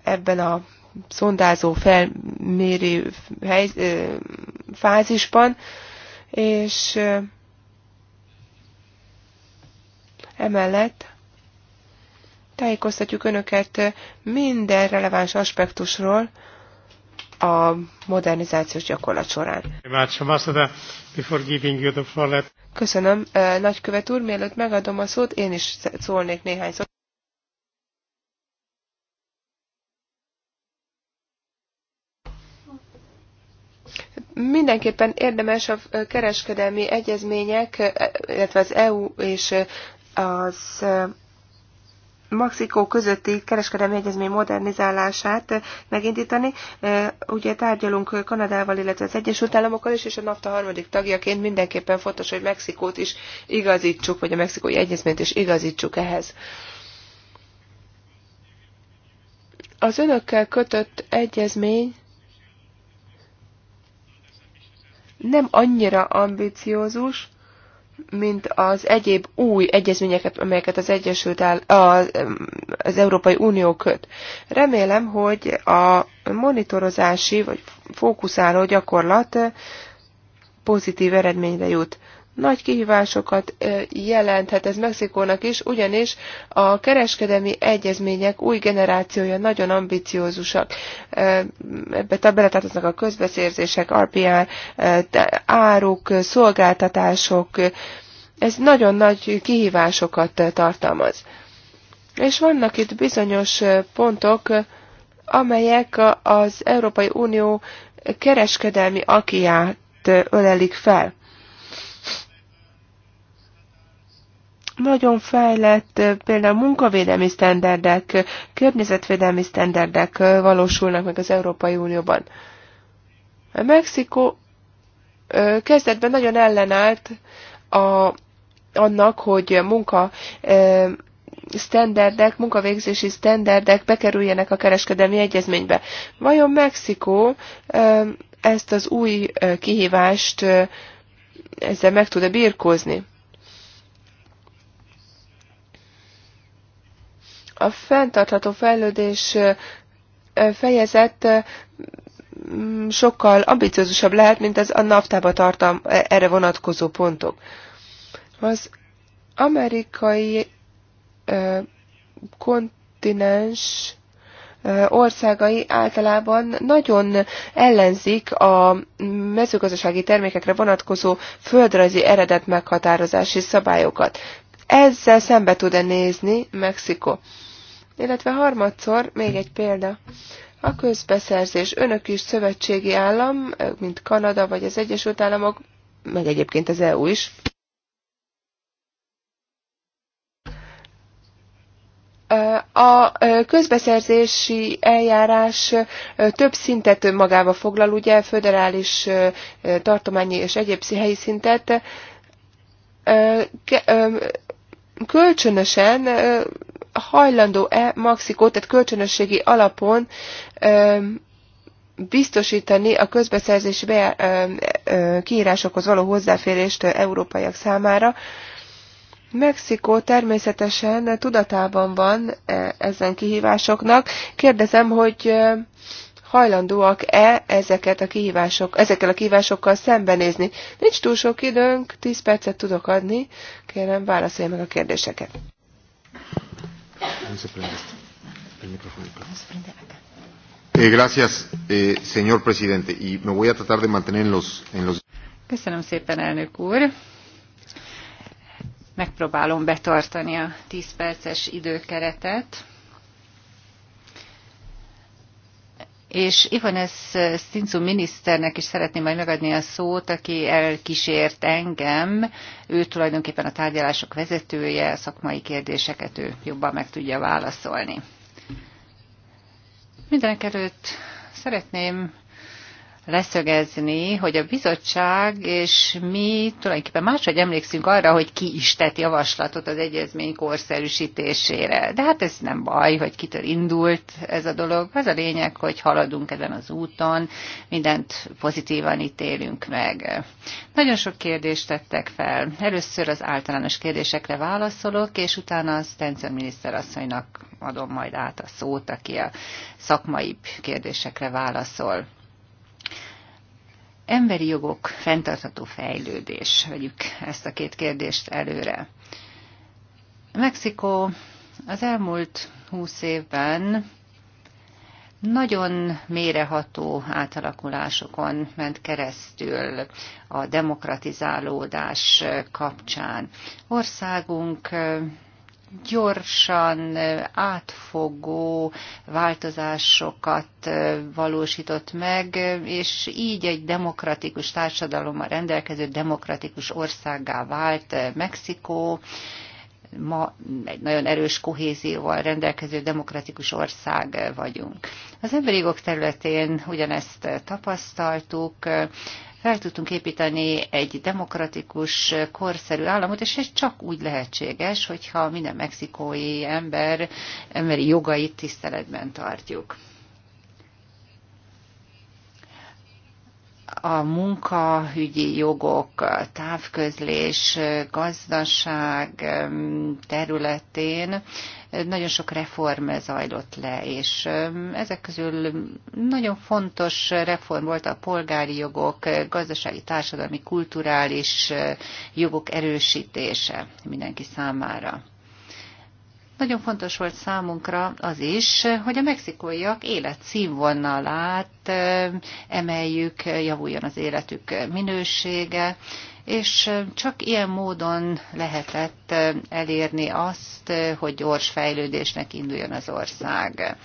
ebben a szondázó felmérő fázisban és emellett tájékoztatjuk Önöket minden releváns aspektusról a modernizációs gyakorlat során. Köszönöm, nagykövet úr, mielőtt megadom a szót, én is szólnék néhány szót. Mindenképpen érdemes a kereskedelmi egyezmények, illetve az EU és az Mexikó közötti kereskedelmi egyezmény modernizálását megindítani. Ugye tárgyalunk Kanadával, illetve az Egyesült Államokkal is, és a NAFTA harmadik tagjaként mindenképpen fontos, hogy Mexikót is igazítsuk, vagy a mexikói egyezményt is igazítsuk ehhez. Az önökkel kötött egyezmény nem annyira ambiciózus, mint az egyéb új egyezményeket, amelyeket az Egyesült Áll- az, az Európai Unió köt. Remélem, hogy a monitorozási vagy fókuszáló gyakorlat eh, pozitív eredményre jut nagy kihívásokat jelenthet ez Mexikónak is, ugyanis a kereskedelmi egyezmények új generációja nagyon ambiciózusak. Ebbe beletartoznak a közbeszérzések, RPR, áruk, szolgáltatások. Ez nagyon nagy kihívásokat tartalmaz. És vannak itt bizonyos pontok, amelyek az Európai Unió kereskedelmi akiát ölelik fel. nagyon fejlett például munkavédelmi sztenderdek, környezetvédelmi sztenderdek valósulnak meg az Európai Unióban. A Mexikó kezdetben nagyon ellenállt a, annak, hogy munka sztenderdek, munkavégzési sztenderdek bekerüljenek a kereskedelmi egyezménybe. Vajon Mexikó ezt az új kihívást ezzel meg tud-e birkózni? A fenntartható fejlődés fejezet sokkal ambiciózusabb lehet, mint az a naftába tartam e, erre vonatkozó pontok. Az amerikai kontinens országai általában nagyon ellenzik a mezőgazdasági termékekre vonatkozó földrajzi eredet meghatározási szabályokat. Ezzel szembe tud-e nézni Mexikó? Illetve harmadszor, még egy példa, a közbeszerzés. Önök is szövetségi állam, mint Kanada vagy az Egyesült Államok, meg egyébként az EU is. A közbeszerzési eljárás több szintet magába foglal, ugye föderális, tartományi és egyéb helyi szintet kölcsönösen hajlandó-e maxikót, tehát kölcsönösségi alapon biztosítani a közbeszerzési kiírásokhoz való hozzáférést európaiak számára. Mexikó természetesen tudatában van e, ezen kihívásoknak. Kérdezem, hogy hajlandóak-e ezeket a kihívások, ezekkel a kihívásokkal szembenézni. Nincs túl sok időnk, 10 percet tudok adni, kérem válaszolja meg a kérdéseket. Eh, eh, señor presidente, y me voy a tratar de en los... Köszönöm szépen, elnök úr. Megpróbálom betartani a 10 perces időkeretet. és Ivanes Stincu miniszternek is szeretném majd megadni a szót, aki elkísért engem. Ő tulajdonképpen a tárgyalások vezetője, a szakmai kérdéseket ő jobban meg tudja válaszolni. Mindenek előtt szeretném leszögezni, hogy a bizottság és mi tulajdonképpen máshogy emlékszünk arra, hogy ki is tett javaslatot az egyezmény korszerűsítésére. De hát ez nem baj, hogy kitől indult ez a dolog. Az a lényeg, hogy haladunk ezen az úton, mindent pozitívan ítélünk meg. Nagyon sok kérdést tettek fel. Először az általános kérdésekre válaszolok, és utána a Stenzel asszonynak adom majd át a szót, aki a szakmai kérdésekre válaszol. Emberi jogok, fenntartható fejlődés, vegyük ezt a két kérdést előre. Mexikó az elmúlt húsz évben nagyon méreható átalakulásokon ment keresztül a demokratizálódás kapcsán. Országunk gyorsan, átfogó változásokat valósított meg, és így egy demokratikus társadalommal rendelkező demokratikus országá vált Mexikó, ma egy nagyon erős kohézióval rendelkező demokratikus ország vagyunk. Az emberi jogok területén ugyanezt tapasztaltuk, fel tudtunk építeni egy demokratikus, korszerű államot, és ez csak úgy lehetséges, hogyha minden mexikói ember emberi jogait tiszteletben tartjuk. a munkahügyi jogok, távközlés, gazdaság területén nagyon sok reform zajlott le, és ezek közül nagyon fontos reform volt a polgári jogok, gazdasági, társadalmi, kulturális jogok erősítése mindenki számára. Nagyon fontos volt számunkra az is, hogy a mexikóiak életszínvonalát emeljük, javuljon az életük minősége, és csak ilyen módon lehetett elérni azt, hogy gyors fejlődésnek induljon az ország.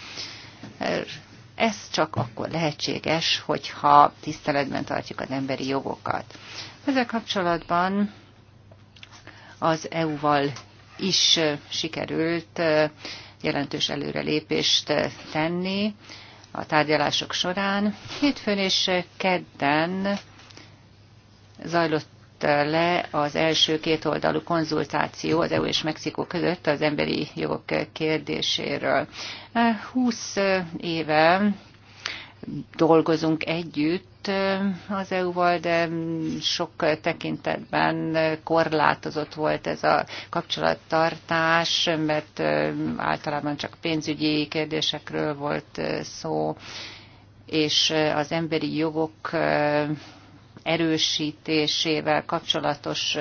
Ez csak akkor lehetséges, hogyha tiszteletben tartjuk az emberi jogokat. Ezzel kapcsolatban az EU-val is sikerült jelentős előrelépést tenni a tárgyalások során. Hétfőn és kedden zajlott Eh, le az első kétoldalú konzultáció az EU és Mexikó között az emberi jogok kérdéséről. 20 eh, eh, éve dolgozunk együtt az EU-val, de sok tekintetben korlátozott volt ez a kapcsolattartás, mert általában csak pénzügyi kérdésekről volt szó, és az emberi jogok erősítésével kapcsolatos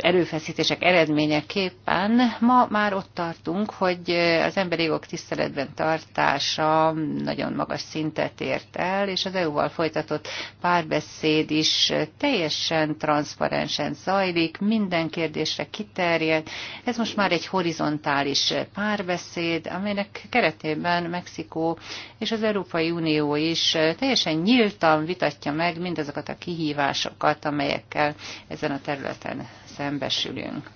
erőfeszítések eredményeképpen ma már ott tartunk, hogy az emberi jogok tiszteletben tartása nagyon magas szintet ért el, és az EU-val folytatott párbeszéd is teljesen transzparensen zajlik, minden kérdésre kiterjed. Ez most már egy horizontális párbeszéd, amelynek keretében Mexikó és az Európai Unió is teljesen nyíltan vitatja meg mindazokat a kihívásokat, amelyekkel ezen a területen szembesülünk.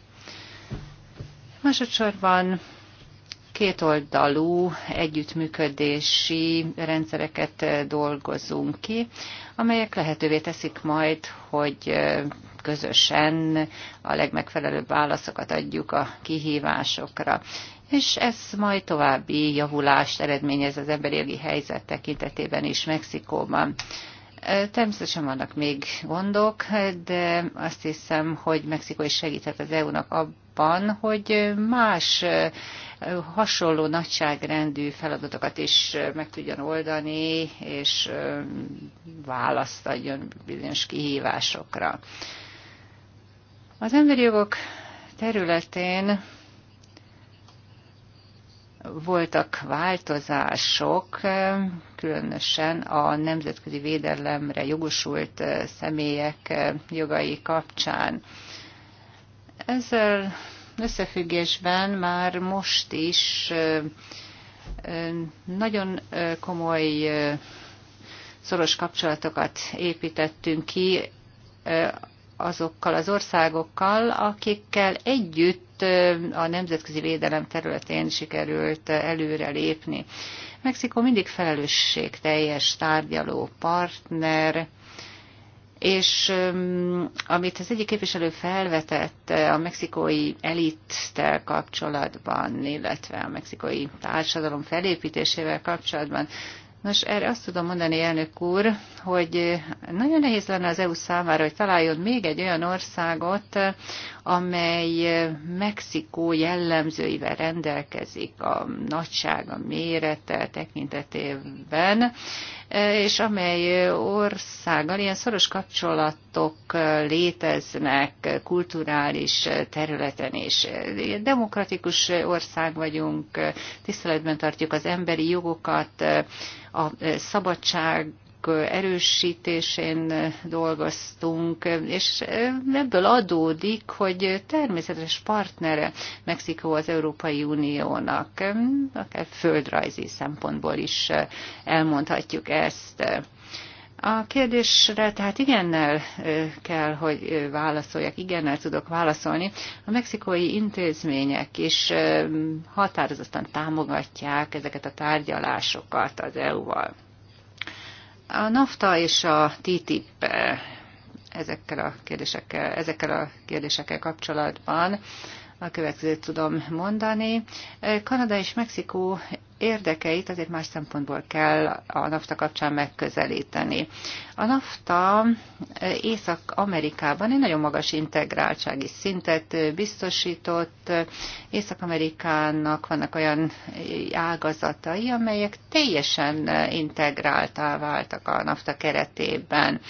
Másodszorban kétoldalú együttműködési rendszereket dolgozunk ki, amelyek lehetővé teszik majd, hogy közösen a legmegfelelőbb válaszokat adjuk a kihívásokra. És ez majd további javulást eredményez az emberi jogi helyzet tekintetében is Mexikóban. Természetesen vannak még gondok, de azt hiszem, hogy Mexikó is segíthet az EU-nak abban, hogy más hasonló nagyságrendű feladatokat is meg tudjon oldani, és választ adjon bizonyos kihívásokra. Az emberi jogok területén voltak változások, különösen a nemzetközi védelemre jogosult eh, személyek eh, jogai kapcsán. Ezzel összefüggésben már most is eh, nagyon komoly szoros kapcsolatokat építettünk ki azokkal az országokkal, akikkel együtt ott a nemzetközi védelem területén sikerült előrelépni. Mexikó mindig felelősségteljes tárgyaló partner, és amit az egyik képviselő felvetett a mexikói elittel kapcsolatban, illetve a mexikói társadalom felépítésével kapcsolatban, Nos, erre azt tudom mondani, elnök úr, hogy nagyon nehéz lenne az EU számára, hogy találjon még egy olyan országot, amely Mexikó jellemzőivel rendelkezik a nagyság, a mérete tekintetében, és amely országgal ilyen szoros kapcsolatok léteznek kulturális területen is. Demokratikus ország vagyunk, tiszteletben tartjuk az emberi jogokat, a szabadság erősítésén dolgoztunk, és ebből adódik, hogy természetes partnere Mexikó az Európai Uniónak, akár földrajzi szempontból is elmondhatjuk ezt. A kérdésre tehát igennel kell, hogy válaszoljak, igennel tudok válaszolni. A mexikói intézmények is határozottan támogatják ezeket a tárgyalásokat az EU-val. A NAFTA és a TTIP eh, ezekkel a kérdésekkel, ezekkel a kérdésekkel kapcsolatban a következőt tudom mondani. Eh, Kanada és Mexikó érdekeit azért más szempontból kell a NAFTA kapcsán megközelíteni. A NAFTA eh, Észak-Amerikában egy nagyon magas integráltsági szintet eh, biztosított. Észak-Amerikának vannak olyan eh, ágazatai, amelyek teljesen integráltá váltak a NAFTA keretében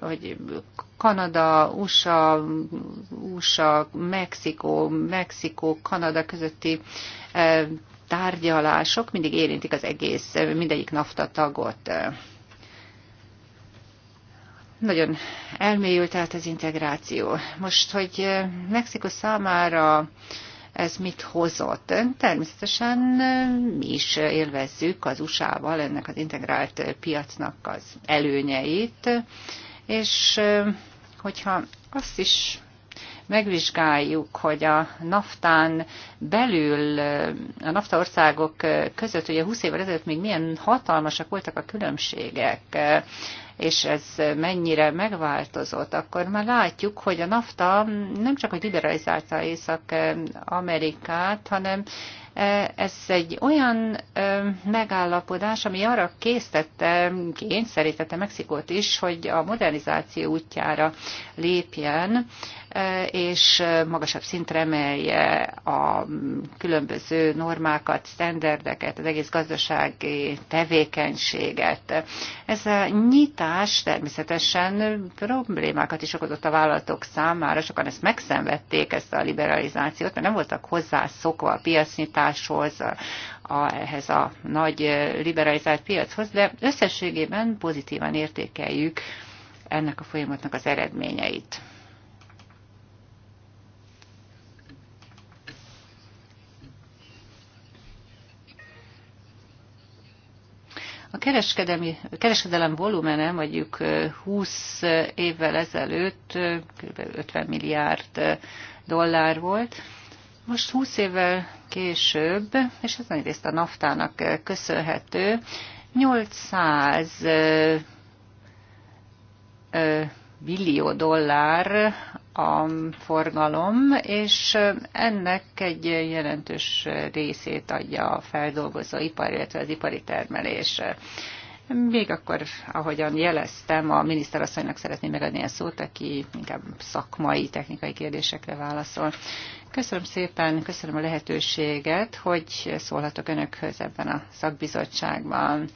hogy Kanada, USA, USA, Mexikó, Mexikó, Kanada közötti tárgyalások mindig érintik az egész, mindegyik NAFTA tagot. Nagyon elmélyült tehát az integráció. Most, hogy Mexikó számára ez mit hozott? Természetesen mi is élvezzük az USA-val ennek az integrált piacnak az előnyeit, és hogyha azt is megvizsgáljuk, hogy a naftán belül, a NAFTA országok között, ugye 20 évvel ezelőtt még milyen hatalmasak voltak a különbségek, és ez mennyire megváltozott, akkor már látjuk, hogy a NAFTA nem csak, hogy liberalizálta Észak-Amerikát, hanem ez egy olyan megállapodás, ami arra késztette, kényszerítette Mexikót is, hogy a modernizáció útjára lépjen, és magasabb szintre emelje a különböző normákat, sztenderdeket, az egész gazdasági tevékenységet. Ez a nyitás természetesen problémákat is okozott a vállalatok számára, sokan ezt megszenvedték, ezt a liberalizációt, mert nem voltak hozzászokva a piacnyitás szabályozáshoz, a, ehhez a nagy liberalizált piachoz, de összességében pozitívan értékeljük ennek a folyamatnak az eredményeit. A kereskedelmi, kereskedelem volumene mondjuk 20 évvel ezelőtt kb. 50 milliárd dollár volt, most 20 évvel később, és ez nagy részt a naftának eh, köszönhető, 800 eh, eh, billió dollár a forgalom, és ennek egy jelentős részét adja a feldolgozó ipar, illetve az ipari termelés. Még akkor, ahogyan jeleztem, a miniszterasszonynak szeretném megadni a szót, aki inkább szakmai, technikai kérdésekre válaszol. Köszönöm szépen, köszönöm a lehetőséget, hogy szólhatok Önökhöz ebben a szakbizottságban.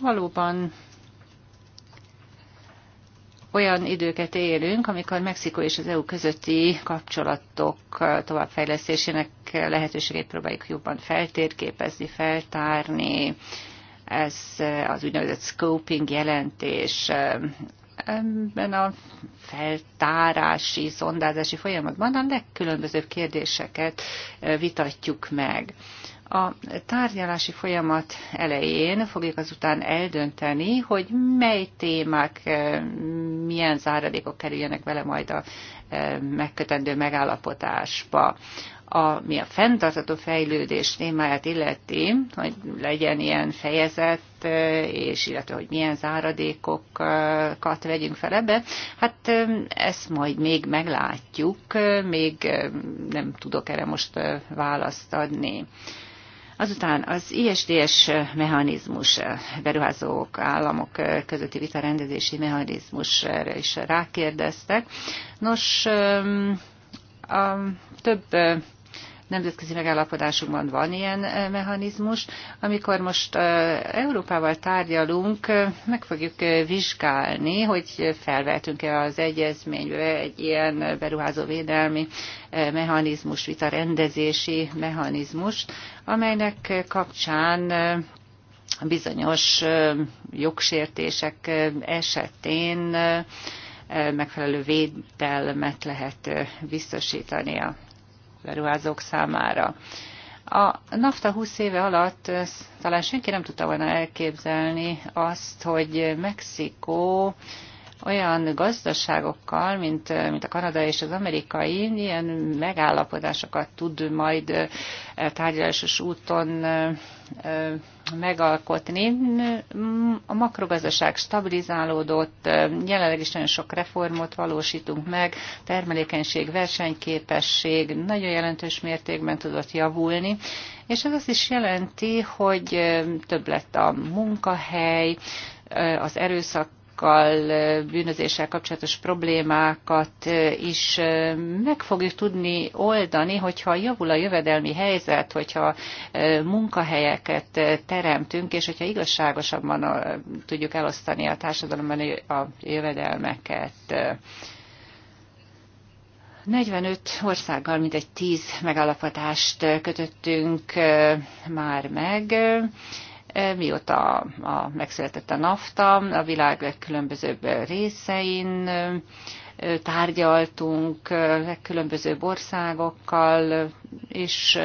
Valóban olyan időket élünk, amikor Mexikó és az EU közötti kapcsolatok továbbfejlesztésének lehetőségét próbáljuk jobban feltérképezni, feltárni. Ez az úgynevezett scoping jelentés, ebben a feltárási, szondázási folyamatban a legkülönbözőbb kérdéseket vitatjuk meg. A tárgyalási folyamat elején fogjuk azután eldönteni, hogy mely témák, milyen záradékok kerüljenek vele majd a megkötendő megállapotásba a, mi a fenntartató fejlődés témáját illeti, hogy legyen ilyen fejezet, és illetve, hogy milyen záradékokat vegyünk fel ebbe, hát ezt majd még meglátjuk, még nem tudok erre most választ adni. Azután az ISDS mechanizmus, beruházók, államok közötti vitarendezési mechanizmus, erre is rákérdeztek. Nos, a több nemzetközi megállapodásunkban van ilyen e, mechanizmus. Amikor most e, Európával tárgyalunk, e, meg fogjuk vizsgálni, hogy felvehetünk-e az egyezménybe egy ilyen beruházóvédelmi mechanizmus, vita rendezési mechanizmust, amelynek kapcsán bizonyos jogsértések esetén megfelelő védelmet lehet biztosítania beruházók számára. A NAFTA 20 éve alatt talán senki nem tudta volna elképzelni azt, hogy Mexikó olyan gazdaságokkal, mint, mint a Kanada és az amerikai, ilyen megállapodásokat tud majd tárgyalásos úton megalkotni. A makrogazdaság stabilizálódott, jelenleg is nagyon sok reformot valósítunk meg, termelékenység, versenyképesség nagyon jelentős mértékben tudott javulni, és ez azt is jelenti, hogy több lett a munkahely, az erőszak problémákkal, bűnözéssel kapcsolatos problémákat is meg fogjuk tudni oldani, hogyha javul a jövedelmi helyzet, hogyha munkahelyeket teremtünk, és hogyha igazságosabban tudjuk elosztani a társadalomban a jövedelmeket. 45 országgal mintegy 10 megállapodást kötöttünk már meg, mióta a, megszületett a NAFTA, a világ legkülönbözőbb részein tárgyaltunk legkülönbözőbb országokkal, és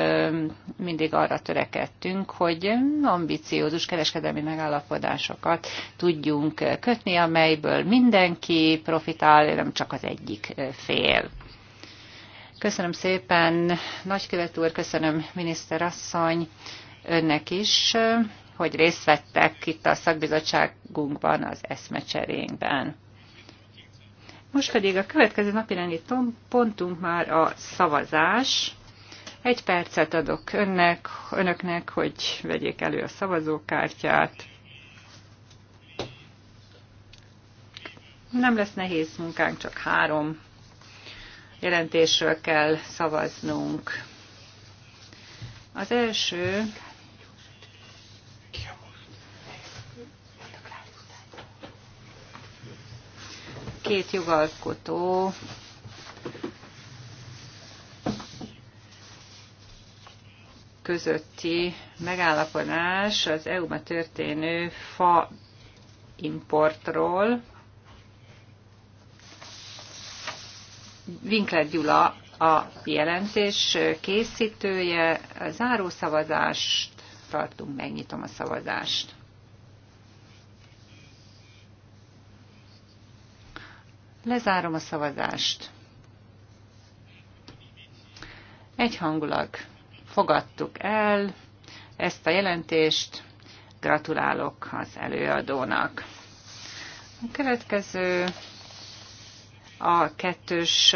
mindig arra törekedtünk, hogy ambiciózus kereskedelmi megállapodásokat tudjunk kötni, amelyből mindenki profitál, nem csak az egyik fél. Köszönöm szépen, nagykövet úr, köszönöm miniszter asszony, önnek is hogy részt vettek itt a szakbizottságunkban, az eszmecserénkben. Most pedig a következő napi rendi pontunk már a szavazás. Egy percet adok önnek, önöknek, hogy vegyék elő a szavazókártyát. Nem lesz nehéz munkánk, csak három jelentésről kell szavaznunk. Az első két jogalkotó közötti megállapodás az eu ban történő fa importról. Winkler Gyula a jelentés készítője, zárószavazást tartunk, megnyitom a szavazást. Lezárom a szavazást. Egyhangulag fogadtuk el ezt a jelentést. Gratulálok az előadónak. A következő a kettős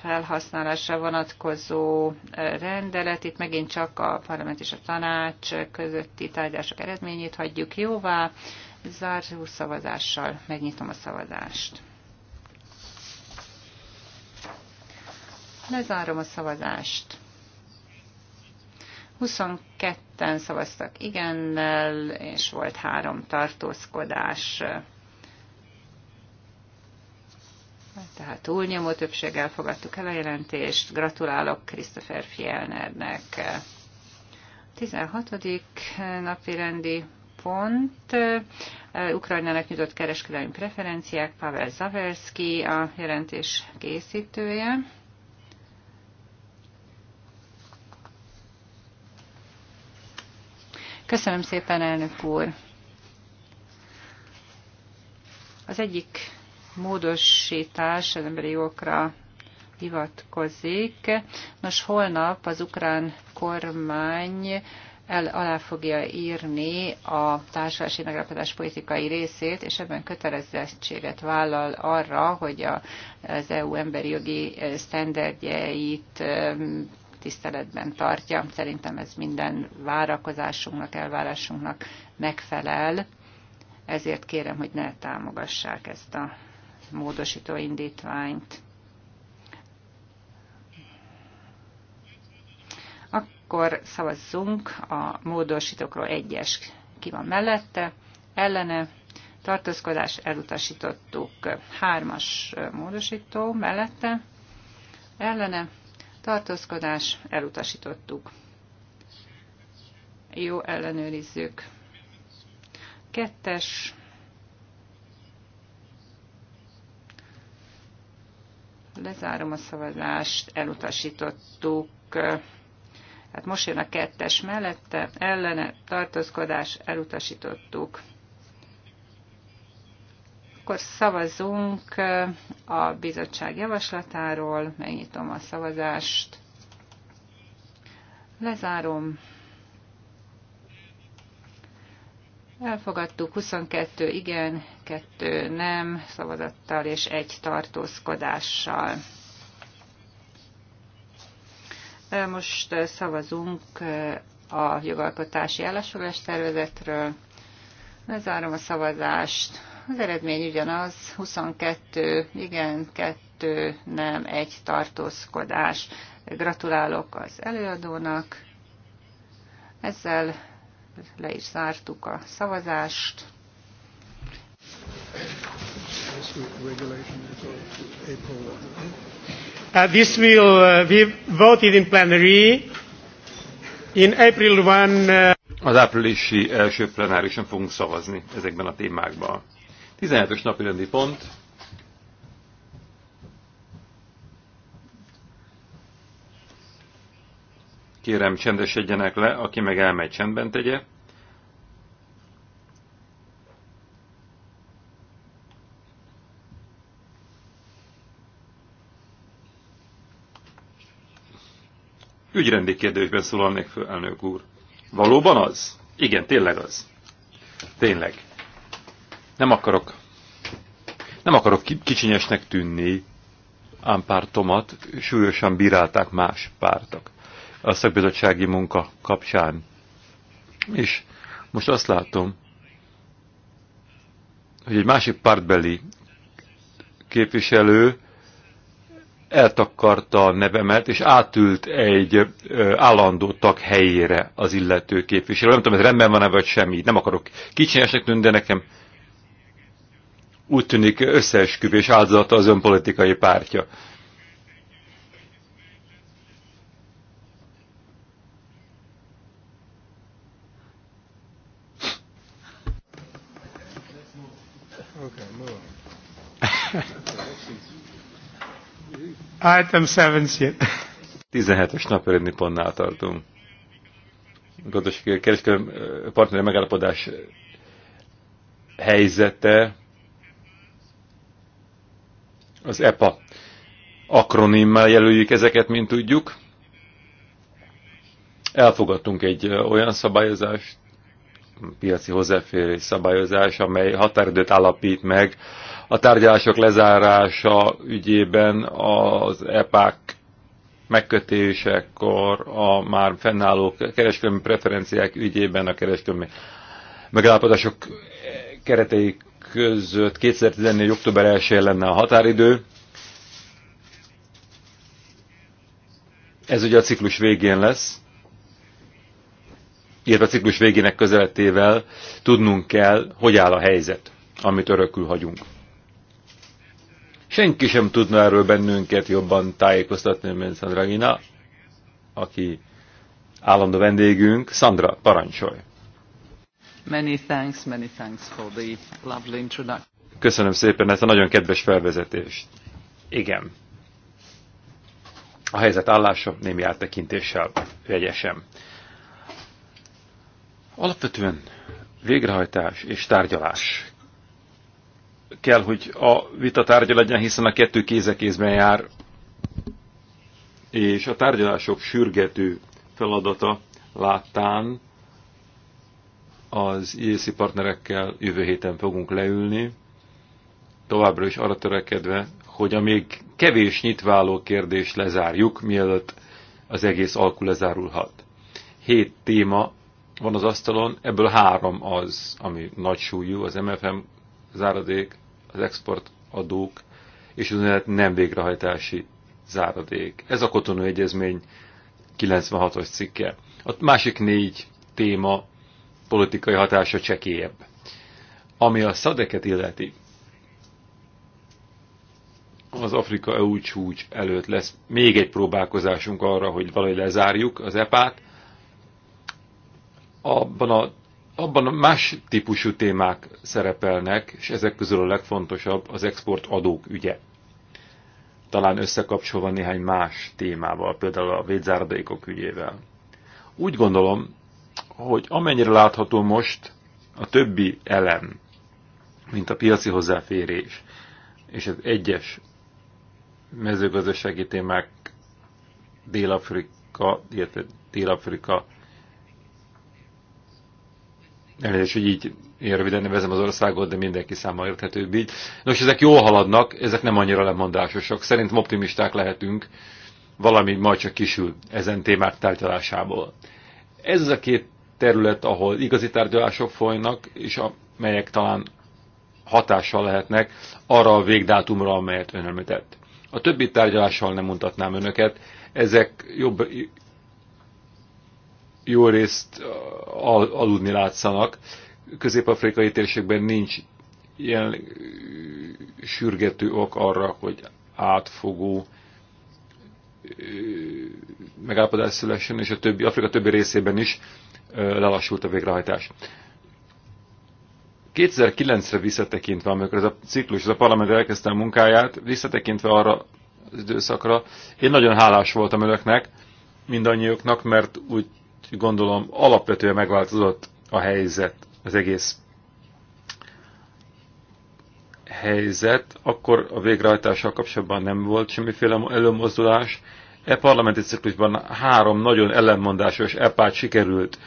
felhasználásra vonatkozó rendelet. Itt megint csak a parlament és a tanács közötti tárgyások eredményét hagyjuk jóvá. Záró szavazással megnyitom a szavazást. Lezárom a szavazást. 22-en szavaztak igennel, és volt három tartózkodás. Tehát túlnyomó többséggel fogadtuk el a jelentést. Gratulálok Christopher Fielnernek. 16. napi rendi pont. Ukrajnának nyújtott kereskedelmi preferenciák. Pavel Zaverski a jelentés készítője. Köszönöm szépen, elnök úr. Az egyik módosítás az emberi jogokra hivatkozik. Nos, holnap az ukrán kormány el, alá fogja írni a társadalmi megállapodás politikai részét, és ebben kötelezettséget vállal arra, hogy a, az EU emberi jogi eh, sztenderdjeit eh, tiszteletben tartja. Szerintem ez minden várakozásunknak, elvárásunknak megfelel. Ezért kérem, hogy ne támogassák ezt a módosító indítványt. Akkor szavazzunk a módosítókról egyes. Ki van mellette? Ellene? Tartózkodás elutasítottuk. Hármas módosító mellette? Ellene? tartózkodás, elutasítottuk. Jó, ellenőrizzük. Kettes. Lezárom a szavazást, elutasítottuk. Hát most jön a kettes mellette, ellene tartózkodás, elutasítottuk. Akkor szavazunk a bizottság javaslatáról, megnyitom a szavazást, lezárom. Elfogadtuk 22 igen, 2 nem szavazattal és egy tartózkodással. Most szavazunk a jogalkotási állásfoglalás tervezetről. Lezárom a szavazást. Az eredmény ugyanaz, 22 igen, 2 nem, egy tartózkodás. Gratulálok az előadónak. Ezzel le is zártuk a szavazást. Uh, this will uh, be voted in plenary in April 1. Uh... Az áprilisi első plenárison fogunk szavazni ezekben a témákban. 17-ös napi rendi pont. Kérem, csendesedjenek le, aki meg elmegy, csendben tegye. Ügyrendi kérdésben szólalnék föl, elnök úr. Valóban az? Igen, tényleg az. Tényleg. Nem akarok, nem akarok kicsinyesnek tűnni, ám pártomat súlyosan bírálták más pártok a szakbizottsági munka kapcsán. És most azt látom, hogy egy másik pártbeli képviselő eltakarta a nevemet, és átült egy állandó tag helyére az illető képviselő. Nem tudom, ez rendben van-e, vagy semmi. Nem akarok kicsinyesnek tűnni, de nekem úgy tűnik összeesküvés áldozata az önpolitikai pártja. Item 17. 17-es naperedni pontnál tartunk. Gazdasági kereskedelmi partneri megállapodás helyzete az EPA akronimmel jelöljük ezeket, mint tudjuk. Elfogadtunk egy olyan szabályozást, piaci hozzáférés szabályozás, amely határidőt állapít meg a tárgyalások lezárása ügyében az EPÁK megkötésekor a már fennálló kereskedelmi preferenciák ügyében a kereskedelmi megállapodások keretei között 2014. október 1 lenne a határidő. Ez ugye a ciklus végén lesz, illetve a ciklus végének közeletével tudnunk kell, hogy áll a helyzet, amit örökül hagyunk. Senki sem tudna erről bennünket jobban tájékoztatni, mint Szandra Gina, aki állandó vendégünk. Szandra, parancsolj! Many thanks, many thanks for the lovely introduction. Köszönöm szépen ezt a nagyon kedves felvezetést. Igen. A helyzet állása némi áttekintéssel vegyesem. Alapvetően végrehajtás és tárgyalás kell, hogy a vita tárgya legyen, hiszen a kettő kézekézben jár, és a tárgyalások sürgető feladata láttán az ISZI partnerekkel jövő héten fogunk leülni, továbbra is arra törekedve, hogy a még kevés nyitváló kérdést lezárjuk, mielőtt az egész alkul lezárulhat. Hét téma van az asztalon, ebből három az, ami nagy súlyú, az MFM záradék, az exportadók és az nem végrehajtási záradék. Ez a Kotonó Egyezmény 96-os cikke. A másik négy téma politikai hatása csekélyebb. Ami a szadeket illeti, az Afrika-EU csúcs előtt lesz még egy próbálkozásunk arra, hogy valahogy lezárjuk az EPÁ-t. Abban a, abban a más típusú témák szerepelnek, és ezek közül a legfontosabb az exportadók ügye. Talán összekapcsolva néhány más témával, például a védzáradékok ügyével. Úgy gondolom, hogy amennyire látható most a többi elem, mint a piaci hozzáférés, és az egyes mezőgazdasági témák Dél-Afrika, illetve Dél-Afrika, elnézést, hogy így én röviden nevezem az országot, de mindenki számára érthetőbb így. Nos, ezek jól haladnak, ezek nem annyira lemondásosak. Szerintem optimisták lehetünk, valami majd csak kisül ezen témák tárgyalásából. Ez a két terület, ahol igazi tárgyalások folynak, és amelyek talán hatással lehetnek arra a végdátumra, amelyet ön említett. A többi tárgyalással nem mutatnám önöket, ezek jobb, jó részt al, aludni látszanak. Közép-afrikai térségben nincs ilyen sürgető ok arra, hogy átfogó megállapodás szülessen, és a többi, Afrika többi részében is lelassult a végrehajtás. 2009-re visszatekintve, amikor ez a ciklus, ez a parlament elkezdte a munkáját, visszatekintve arra az időszakra, én nagyon hálás voltam önöknek, mindannyiuknak, mert úgy gondolom alapvetően megváltozott a helyzet az egész helyzet, akkor a végrehajtással kapcsolatban nem volt semmiféle előmozdulás. E parlamenti ciklusban három nagyon ellenmondásos epát sikerült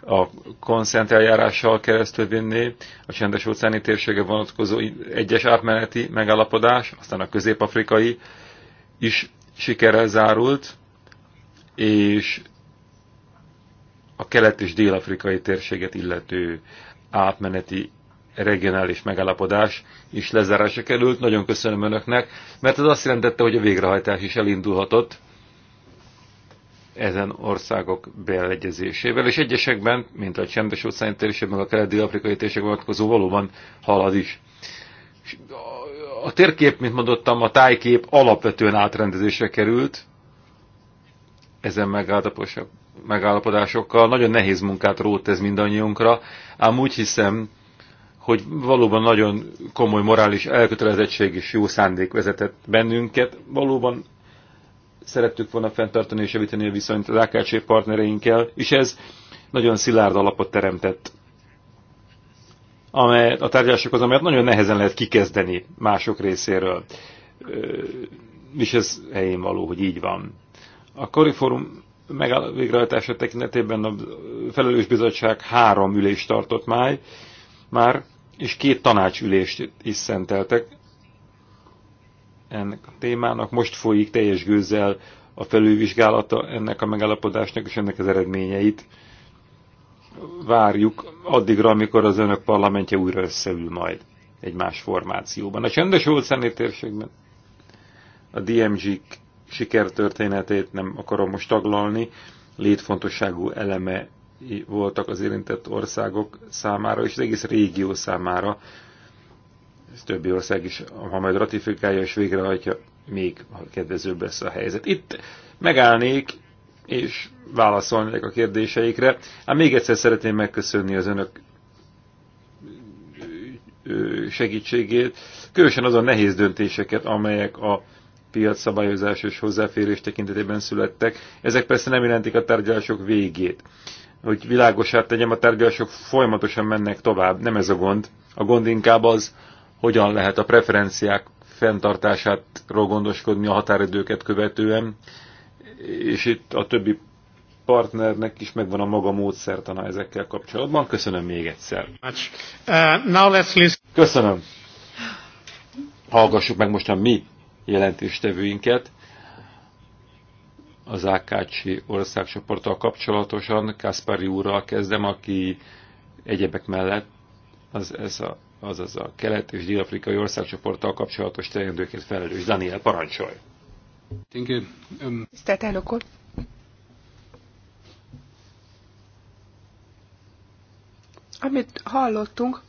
a konszent eljárással keresztül vinni, a csendes óceáni térsége vonatkozó egyes átmeneti megállapodás, aztán a közép-afrikai is sikerrel zárult, és a kelet- és dél-afrikai térséget illető átmeneti regionális megállapodás is lezárása került. Nagyon köszönöm Önöknek, mert ez azt jelentette, hogy a végrehajtás is elindulhatott ezen országok beleegyezésével, és egyesekben, mint a csendes óceán térség, meg a keleti-afrikai térség vonatkozó valóban halad is. A térkép, mint mondottam, a tájkép alapvetően átrendezésre került, ezen megállapodásokkal. Nagyon nehéz munkát rót ez mindannyiunkra, ám úgy hiszem, hogy valóban nagyon komoly morális elkötelezettség és jó szándék vezetett bennünket. Valóban szerettük volna fenntartani és javítani a viszonyt az AKC partnereinkkel, és ez nagyon szilárd alapot teremtett amely, a tárgyalásokhoz, amelyet nagyon nehezen lehet kikezdeni mások részéről. És ez helyén való, hogy így van. A Koriforum megvégrehajtása tekintetében a felelős bizottság három ülést tartott már, már és két tanácsülést is szenteltek ennek a témának. Most folyik teljes gőzzel a felülvizsgálata ennek a megállapodásnak és ennek az eredményeit. Várjuk addigra, amikor az önök parlamentje újra összeül majd egy más formációban. A csendes volt térségben a DMG sikertörténetét nem akarom most taglalni, létfontosságú eleme voltak az érintett országok számára, és az egész régió számára. Ez többi ország is, ha majd ratifikálja és végrehajtja, még kedvezőbb lesz a helyzet. Itt megállnék, és válaszolnék a kérdéseikre. Hát még egyszer szeretném megköszönni az önök segítségét, különösen azon nehéz döntéseket, amelyek a piac szabályozás és hozzáférés tekintetében születtek. Ezek persze nem jelentik a tárgyalások végét hogy világosá tegyem, a tárgyalások folyamatosan mennek tovább, nem ez a gond. A gond inkább az, hogyan lehet a preferenciák fenntartásáról gondoskodni a határidőket követően, és itt a többi partnernek is megvan a maga módszertana ezekkel kapcsolatban. Köszönöm még egyszer. Uh, Köszönöm. Hallgassuk meg most a mi jelentéstevőinket az Ákácsi országcsoporttal kapcsolatosan. Kaspari úrral kezdem, aki egyebek mellett az, ez a, az, az a kelet- és dél-afrikai országcsoporttal kapcsolatos teendőkért felelős. Daniel, parancsolj! Um, Tisztelt elnök úr! Amit hallottunk,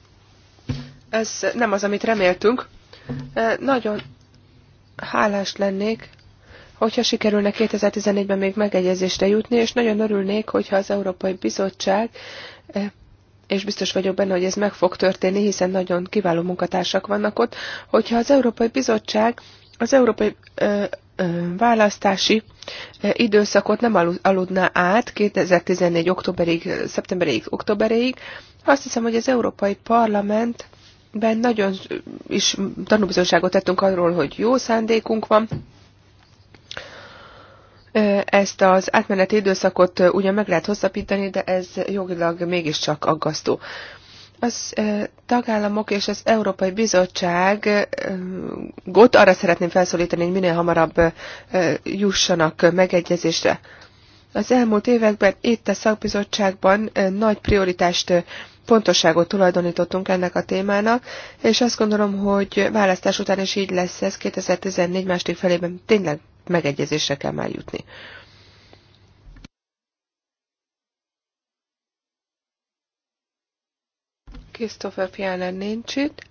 ez nem az, amit reméltünk. Nagyon hálás lennék, hogyha sikerülne 2014-ben még megegyezésre jutni, és nagyon örülnék, hogyha az Európai Bizottság eh, és biztos vagyok benne, hogy ez meg fog történni, hiszen nagyon kiváló munkatársak vannak ott, hogyha az Európai Bizottság az Európai ö, eh, ö, eh, Választási időszakot nem aludná át 2014. októberig, szeptemberig, októberig, azt hiszem, hogy az Európai Parlamentben nagyon is tanúbizonyságot tettünk arról, hogy jó szándékunk van, ezt az átmeneti időszakot ugyan meg lehet hosszabbítani, de ez jogilag mégiscsak aggasztó. Az tagállamok és az Európai Bizottság gott arra szeretném felszólítani, hogy minél hamarabb jussanak megegyezésre. Az elmúlt években itt a szakbizottságban nagy prioritást, pontosságot tulajdonítottunk ennek a témának, és azt gondolom, hogy választás után is így lesz ez 2014 második felében tényleg megegyezésre kell már jutni. Christopher Pianer nincs itt.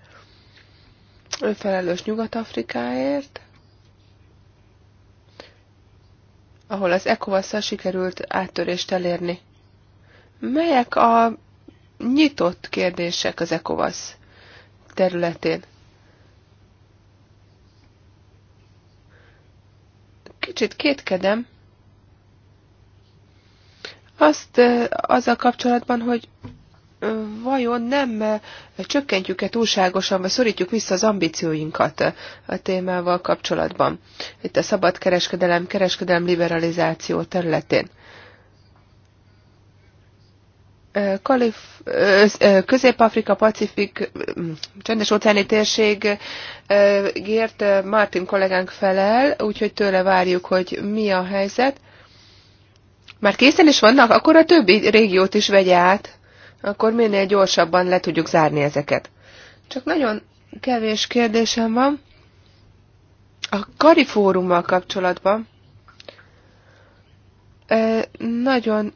Ő felelős Nyugat-Afrikáért, ahol az ECOWAS-szal sikerült áttörést elérni. Melyek a nyitott kérdések az ECOVASZ területén? Kicsit kétkedem azt azzal kapcsolatban, hogy vajon nem csökkentjük-e túlságosan, vagy szorítjuk vissza az ambícióinkat a témával kapcsolatban, itt a szabad kereskedelem, kereskedelem liberalizáció területén. Kalif, Közép-Afrika, Pacifik, mm, csendes óceáni térség gért Martin kollégánk felel, úgyhogy tőle várjuk, hogy mi a helyzet. Már készen is vannak, akkor a többi régiót is vegye át, akkor minél gyorsabban le tudjuk zárni ezeket. Csak nagyon kevés kérdésem van. A Karifórummal kapcsolatban nagyon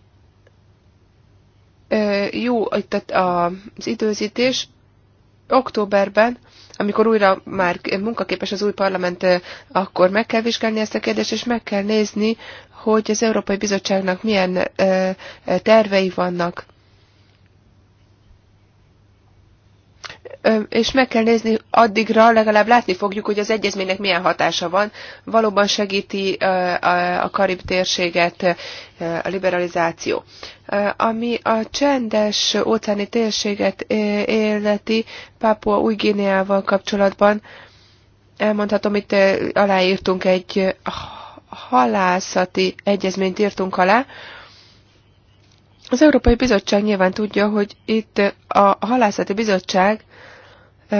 jó itt az időzítés. Októberben, amikor újra már munkaképes az új parlament, akkor meg kell vizsgálni ezt a kérdést, és meg kell nézni, hogy az Európai Bizottságnak milyen tervei vannak és meg kell nézni, addigra legalább látni fogjuk, hogy az egyezménynek milyen hatása van. Valóban segíti a karib térséget a liberalizáció. Ami a csendes óceáni térséget életi Papua új Guineával kapcsolatban, elmondhatom, itt aláírtunk egy halászati egyezményt írtunk alá, az Európai Bizottság nyilván tudja, hogy itt a Halászati Bizottság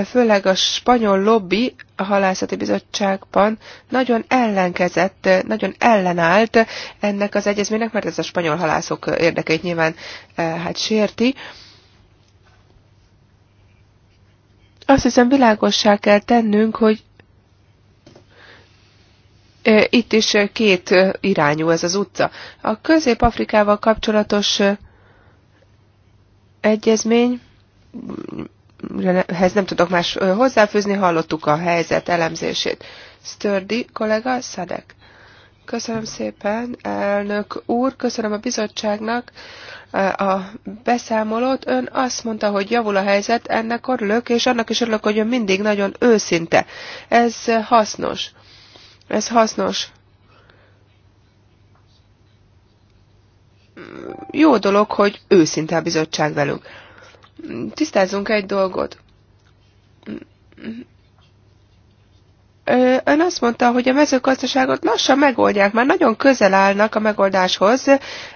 főleg a spanyol lobby a halászati bizottságban nagyon ellenkezett, nagyon ellenállt ennek az egyezménynek, mert ez a spanyol halászok érdekeit nyilván eh, hát sérti. Azt hiszem világossá kell tennünk, hogy eh, itt is két eh, irányú ez az utca. A Közép-Afrikával kapcsolatos egyezmény ehhez nem tudok más hozzáfűzni, hallottuk a helyzet elemzését. Sturdy kollega Szadek. Köszönöm szépen, elnök úr, köszönöm a bizottságnak a beszámolót. Ön azt mondta, hogy javul a helyzet, ennek örülök, és annak is örülök, hogy ön mindig nagyon őszinte. Ez hasznos. Ez hasznos. Jó dolog, hogy őszinte a bizottság velünk tisztázzunk egy dolgot. Ön azt mondta, hogy a mezőgazdaságot lassan megoldják, már nagyon közel állnak a megoldáshoz.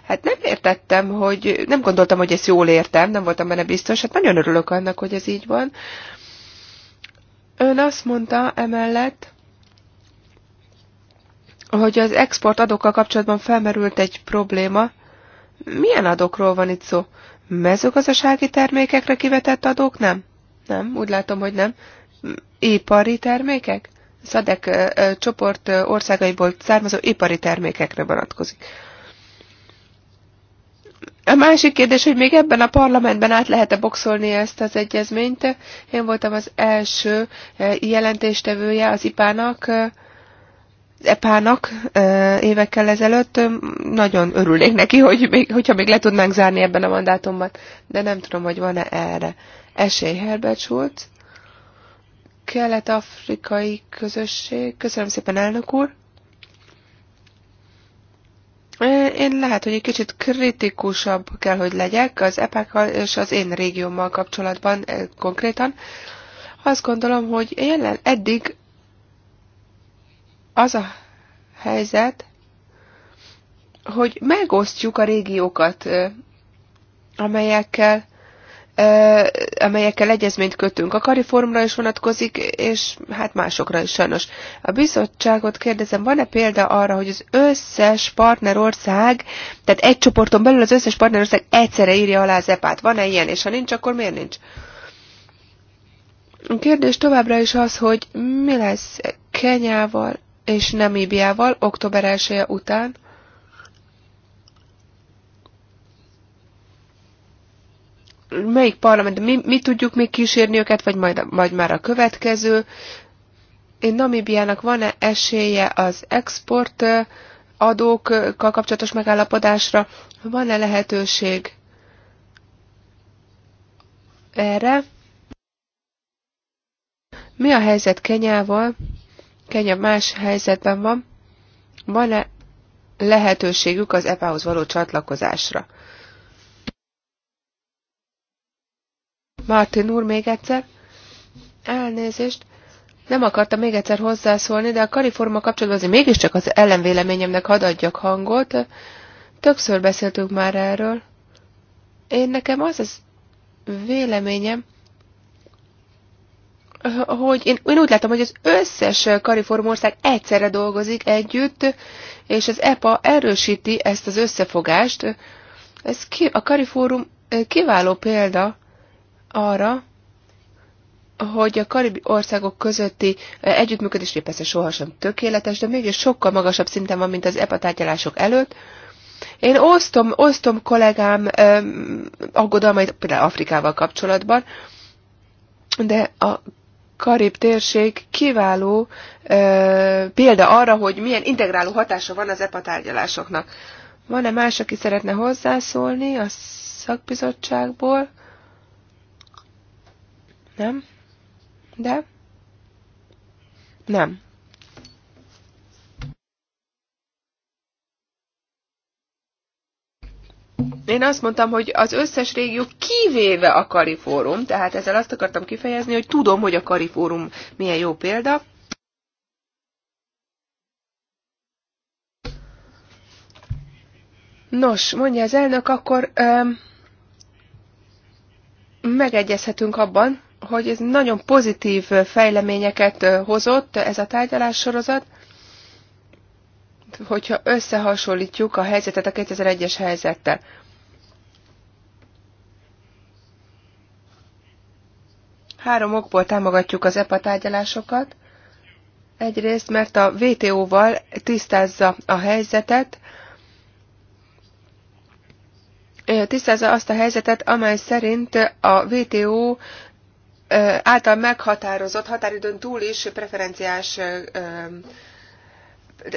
Hát nem értettem, hogy nem gondoltam, hogy ezt jól értem, nem voltam benne biztos, hát nagyon örülök annak, hogy ez így van. Ön azt mondta emellett, hogy az export adókkal kapcsolatban felmerült egy probléma. Milyen adókról van itt szó? Mezőgazdasági termékekre kivetett adók nem? Nem, úgy látom, hogy nem. Ipari termékek? Szadek csoport országaiból származó ipari termékekre vonatkozik. A másik kérdés, hogy még ebben a parlamentben át lehet-e boxolni ezt az egyezményt. Én voltam az első jelentéstevője az IPA-nak, epának évekkel ezelőtt, nagyon örülnék neki, hogy még, hogyha még le tudnánk zárni ebben a mandátumban, de nem tudom, hogy van-e erre esély. Herbert Schultz, kelet-afrikai közösség. Köszönöm szépen, elnök úr. Én lehet, hogy egy kicsit kritikusabb kell, hogy legyek az epákkal és az én régiómmal kapcsolatban konkrétan. Azt gondolom, hogy jelen eddig az a helyzet, hogy megosztjuk a régiókat, amelyekkel amelyekkel egyezményt kötünk. A kariformra is vonatkozik, és hát másokra is sajnos. A bizottságot kérdezem, van-e példa arra, hogy az összes partnerország, tehát egy csoporton belül az összes partnerország egyszerre írja alá az epát? Van-e ilyen? És ha nincs, akkor miért nincs? A kérdés továbbra is az, hogy mi lesz Kenyával, és Namíbiával október 1 -e után. Melyik parlament, mi, mi tudjuk még kísérni őket, vagy majd, majd már a következő. Én Namíbiának van-e esélye az export adókkal kapcsolatos megállapodásra? Van-e lehetőség erre? Mi a helyzet Kenyával? Kenya más helyzetben van. Van-e lehetőségük az EPA-hoz való csatlakozásra? Martin úr még egyszer. Elnézést. Nem akartam még egyszer hozzászólni, de a kariforma kapcsolatban azért mégiscsak az ellenvéleményemnek hadd adjak hangot. Többször beszéltünk már erről. Én nekem az az véleményem, hogy én, én úgy látom, hogy az összes kariformország egyszerre dolgozik együtt, és az EPA erősíti ezt az összefogást. Ez ki, a kariforum eh, kiváló példa arra, hogy a karibi országok közötti eh, együttműködés persze sohasem tökéletes, de mégis sokkal magasabb szinten van, mint az EPA tárgyalások előtt. Én osztom, osztom kollégám eh, aggodalmait például Afrikával kapcsolatban, de a Karib térség kiváló ö, példa arra, hogy milyen integráló hatása van az EPA tárgyalásoknak. Van-e más, aki szeretne hozzászólni a szakbizottságból? Nem? De? Nem. Én azt mondtam, hogy az összes régió kivéve a Karifórum, tehát ezzel azt akartam kifejezni, hogy tudom, hogy a Karifórum milyen jó példa. Nos, mondja az elnök, akkor öm, megegyezhetünk abban, hogy ez nagyon pozitív fejleményeket hozott ez a sorozat, hogyha összehasonlítjuk a helyzetet a 2001-es helyzettel. Három okból támogatjuk az EPA tárgyalásokat. Egyrészt, mert a VTO-val tisztázza a helyzetet, tisztázza azt a helyzetet, amely szerint a VTO által meghatározott határidőn túl is preferenciás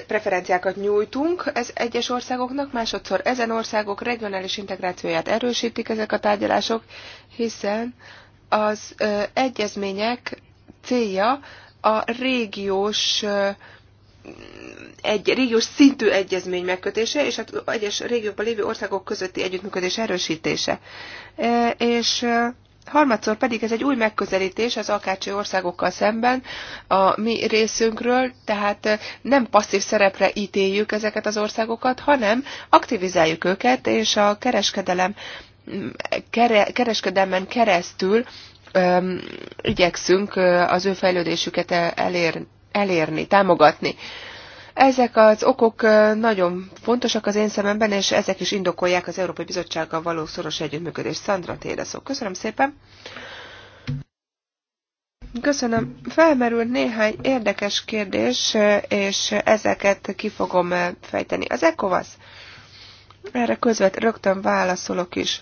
preferenciákat nyújtunk ez egyes országoknak, másodszor ezen országok regionális integrációját erősítik ezek a tárgyalások, hiszen az egyezmények célja a régiós egy régiós szintű egyezmény megkötése és az egyes régiókban lévő országok közötti együttműködés erősítése. És harmadszor pedig ez egy új megközelítés az akácsi országokkal szemben a mi részünkről, tehát nem passzív szerepre ítéljük ezeket az országokat, hanem aktivizáljuk őket, és a kereskedelem kereskedelmen keresztül igyekszünk az ő fejlődésüket elér, elérni, támogatni. Ezek az okok nagyon fontosak az én szememben, és ezek is indokolják az Európai Bizottsággal való szoros együttműködést. Szandra Tédeszó, köszönöm szépen! Köszönöm. Felmerült néhány érdekes kérdés, és ezeket ki fogom fejteni. Az ECOVAS, erre közvet rögtön válaszolok is.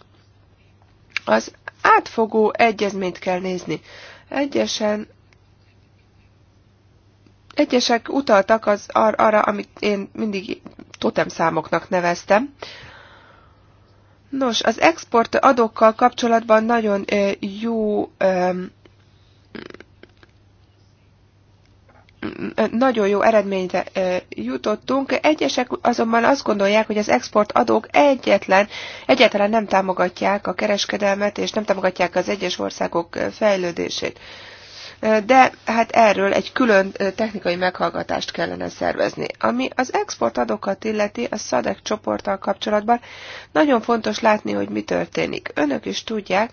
Az átfogó egyezményt kell nézni. Egyesen Egyesek utaltak az ar- arra, amit én mindig számoknak neveztem. Nos, az export adókkal kapcsolatban nagyon jó nagyon jó eredményre jutottunk. Egyesek azonban azt gondolják, hogy az exportadók egyetlen, egyáltalán nem támogatják a kereskedelmet, és nem támogatják az egyes országok fejlődését. De hát erről egy külön technikai meghallgatást kellene szervezni. Ami az exportadókat illeti, a SZADEK csoporttal kapcsolatban nagyon fontos látni, hogy mi történik. Önök is tudják,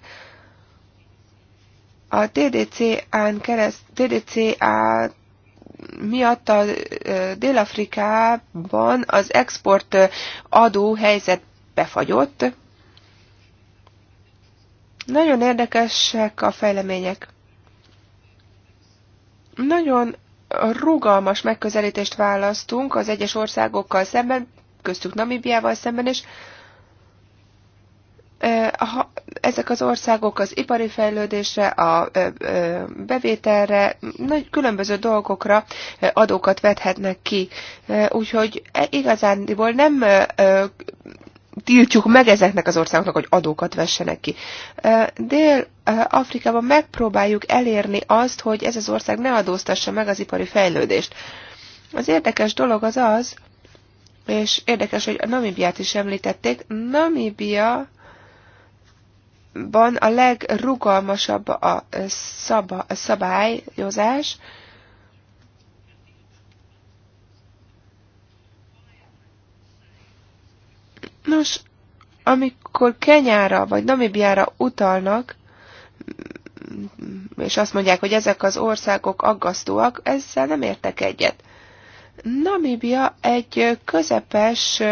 a TDC-án kereszt, tdc miatt a Dél-Afrikában az export adó helyzet befagyott. Nagyon érdekesek a fejlemények. Nagyon rugalmas megközelítést választunk az egyes országokkal szemben, köztük Namibiával szemben, és ha ezek az országok az ipari fejlődésre, a bevételre, nagy különböző dolgokra adókat vethetnek ki. Úgyhogy e, igazándiból nem tiltjuk meg ezeknek az országoknak, hogy adókat vessenek ki. Dél-Afrikában megpróbáljuk elérni azt, hogy ez az ország ne adóztassa meg az ipari fejlődést. Az érdekes dolog az az, és érdekes, hogy a Namibiát is említették, Namibia ban a legrugalmasabb a, szaba, a szabályozás, Nos, amikor Kenyára vagy Namibiára utalnak, és azt mondják, hogy ezek az országok aggasztóak, ezzel nem értek egyet. Namibia egy közepes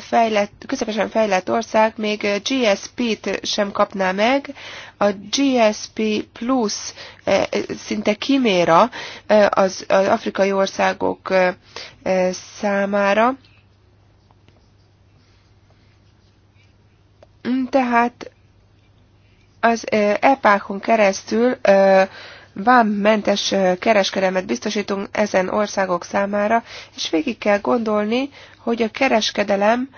fejlett, közepesen fejlett ország még GSP-t sem kapná meg. A GSP Plus eh, szinte kiméra eh, az, az afrikai országok eh, számára. Mm, tehát az EPÁKon e keresztül vámmentes kereskedelmet biztosítunk ezen országok számára, és végig kell gondolni, hogy a kereskedelem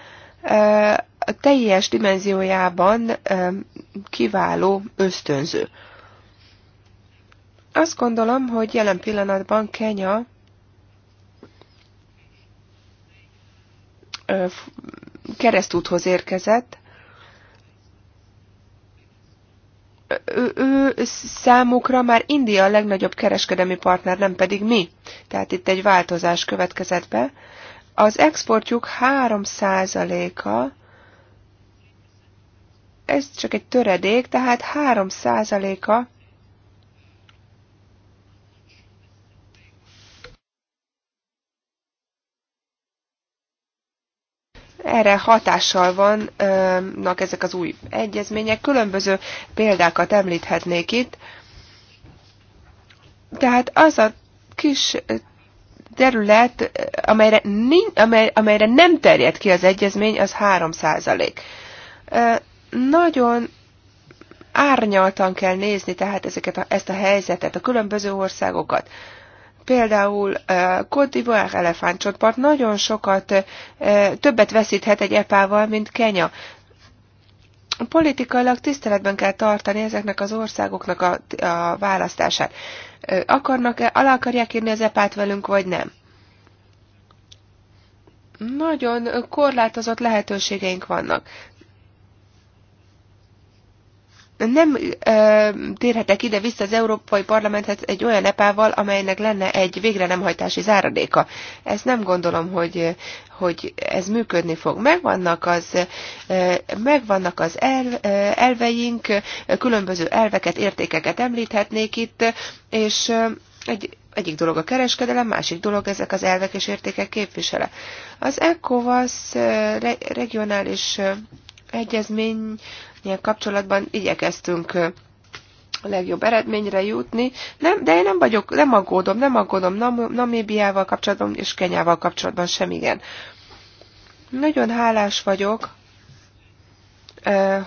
a teljes dimenziójában kiváló ösztönző. Azt gondolom, hogy jelen pillanatban Kenya keresztúthoz érkezett, ő, ő számukra már India a legnagyobb kereskedelmi partner, nem pedig mi. Tehát itt egy változás következett be. Az exportjuk 3%-a, ez csak egy töredék, tehát 3%-a erre hatással vannak ezek az új egyezmények. Különböző példákat említhetnék itt. Tehát az a kis terület, amelyre, amely, amelyre nem terjed ki az egyezmény, az 3 százalék. Nagyon árnyaltan kell nézni tehát ezeket a, ezt a helyzetet, a különböző országokat. Például Côte d'Ivoire elefántcsontpart nagyon sokat, többet veszíthet egy epával, mint Kenya politikailag tiszteletben kell tartani ezeknek az országoknak a, a választását. Akarnak-e, alá akarják írni az epát velünk, vagy nem? Nagyon korlátozott lehetőségeink vannak nem ö, térhetek ide vissza az Európai Parlamenthez egy olyan epával, amelynek lenne egy végre nem hajtási záradéka. Ezt nem gondolom, hogy, hogy ez működni fog. Megvannak az, ö, megvannak az el, ö, elveink, különböző elveket, értékeket említhetnék itt, és ö, egy, egyik dolog a kereskedelem, másik dolog ezek az elvek és értékek képvisele. Az ECOWAS regionális egyezmény kapcsolatban igyekeztünk a legjobb eredményre jutni. Nem, de én nem vagyok, nem aggódom, nem aggódom Nam- Namibiával kapcsolatban és Kenyával kapcsolatban sem igen. Nagyon hálás vagyok,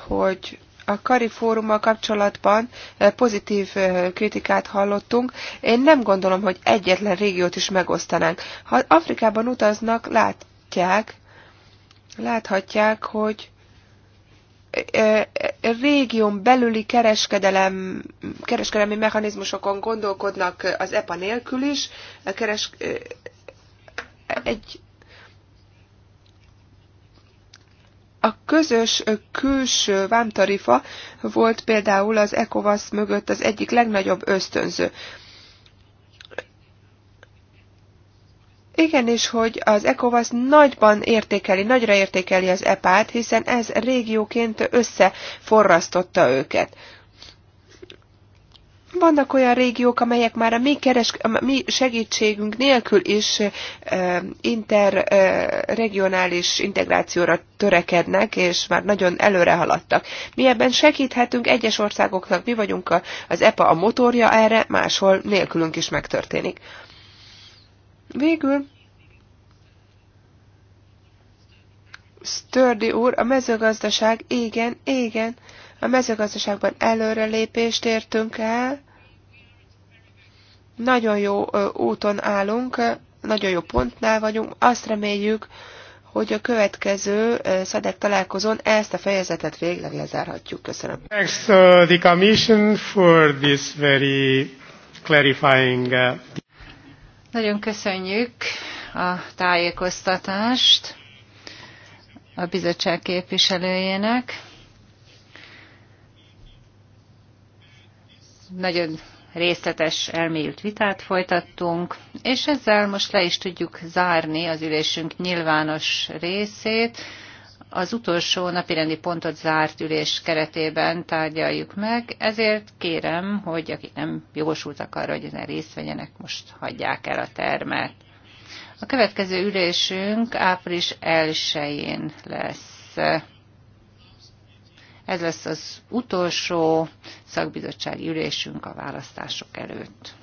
hogy a Kari Fórummal kapcsolatban pozitív kritikát hallottunk. Én nem gondolom, hogy egyetlen régiót is megosztanánk. Ha Afrikában utaznak, látják, láthatják, hogy régión belüli kereskedelem, kereskedelmi mechanizmusokon gondolkodnak az EPA nélkül is. A keres, egy, a közös külső vámtarifa volt például az ECOWAS mögött az egyik legnagyobb ösztönző. Igen és hogy az ECOVAS nagyban értékeli, nagyra értékeli az EPÁT, hiszen ez régióként összeforrasztotta őket. Vannak olyan régiók, amelyek már a mi, keres, a mi segítségünk nélkül is uh, interregionális uh, integrációra törekednek, és már nagyon előre haladtak. Mi ebben segíthetünk egyes országoknak, mi vagyunk a, az EPA a motorja erre, máshol nélkülünk is megtörténik. Végül Stördi úr, a mezőgazdaság, igen, igen, a mezőgazdaságban előrelépést értünk el, nagyon jó úton állunk, nagyon jó pontnál vagyunk, azt reméljük, hogy a következő szedek találkozón ezt a fejezetet végleg lezárhatjuk. Köszönöm. Thanks to the Commission for this very clarifying. Uh, nagyon köszönjük a tájékoztatást a bizottság képviselőjének. Nagyon részletes elmélyült vitát folytattunk, és ezzel most le is tudjuk zárni az ülésünk nyilvános részét az utolsó napirendi pontot zárt ülés keretében tárgyaljuk meg, ezért kérem, hogy akik nem jogosultak arra, hogy ezen részt vegyenek, most hagyják el a termet. A következő ülésünk április 1-én lesz. Ez lesz az utolsó szakbizottsági ülésünk a választások előtt.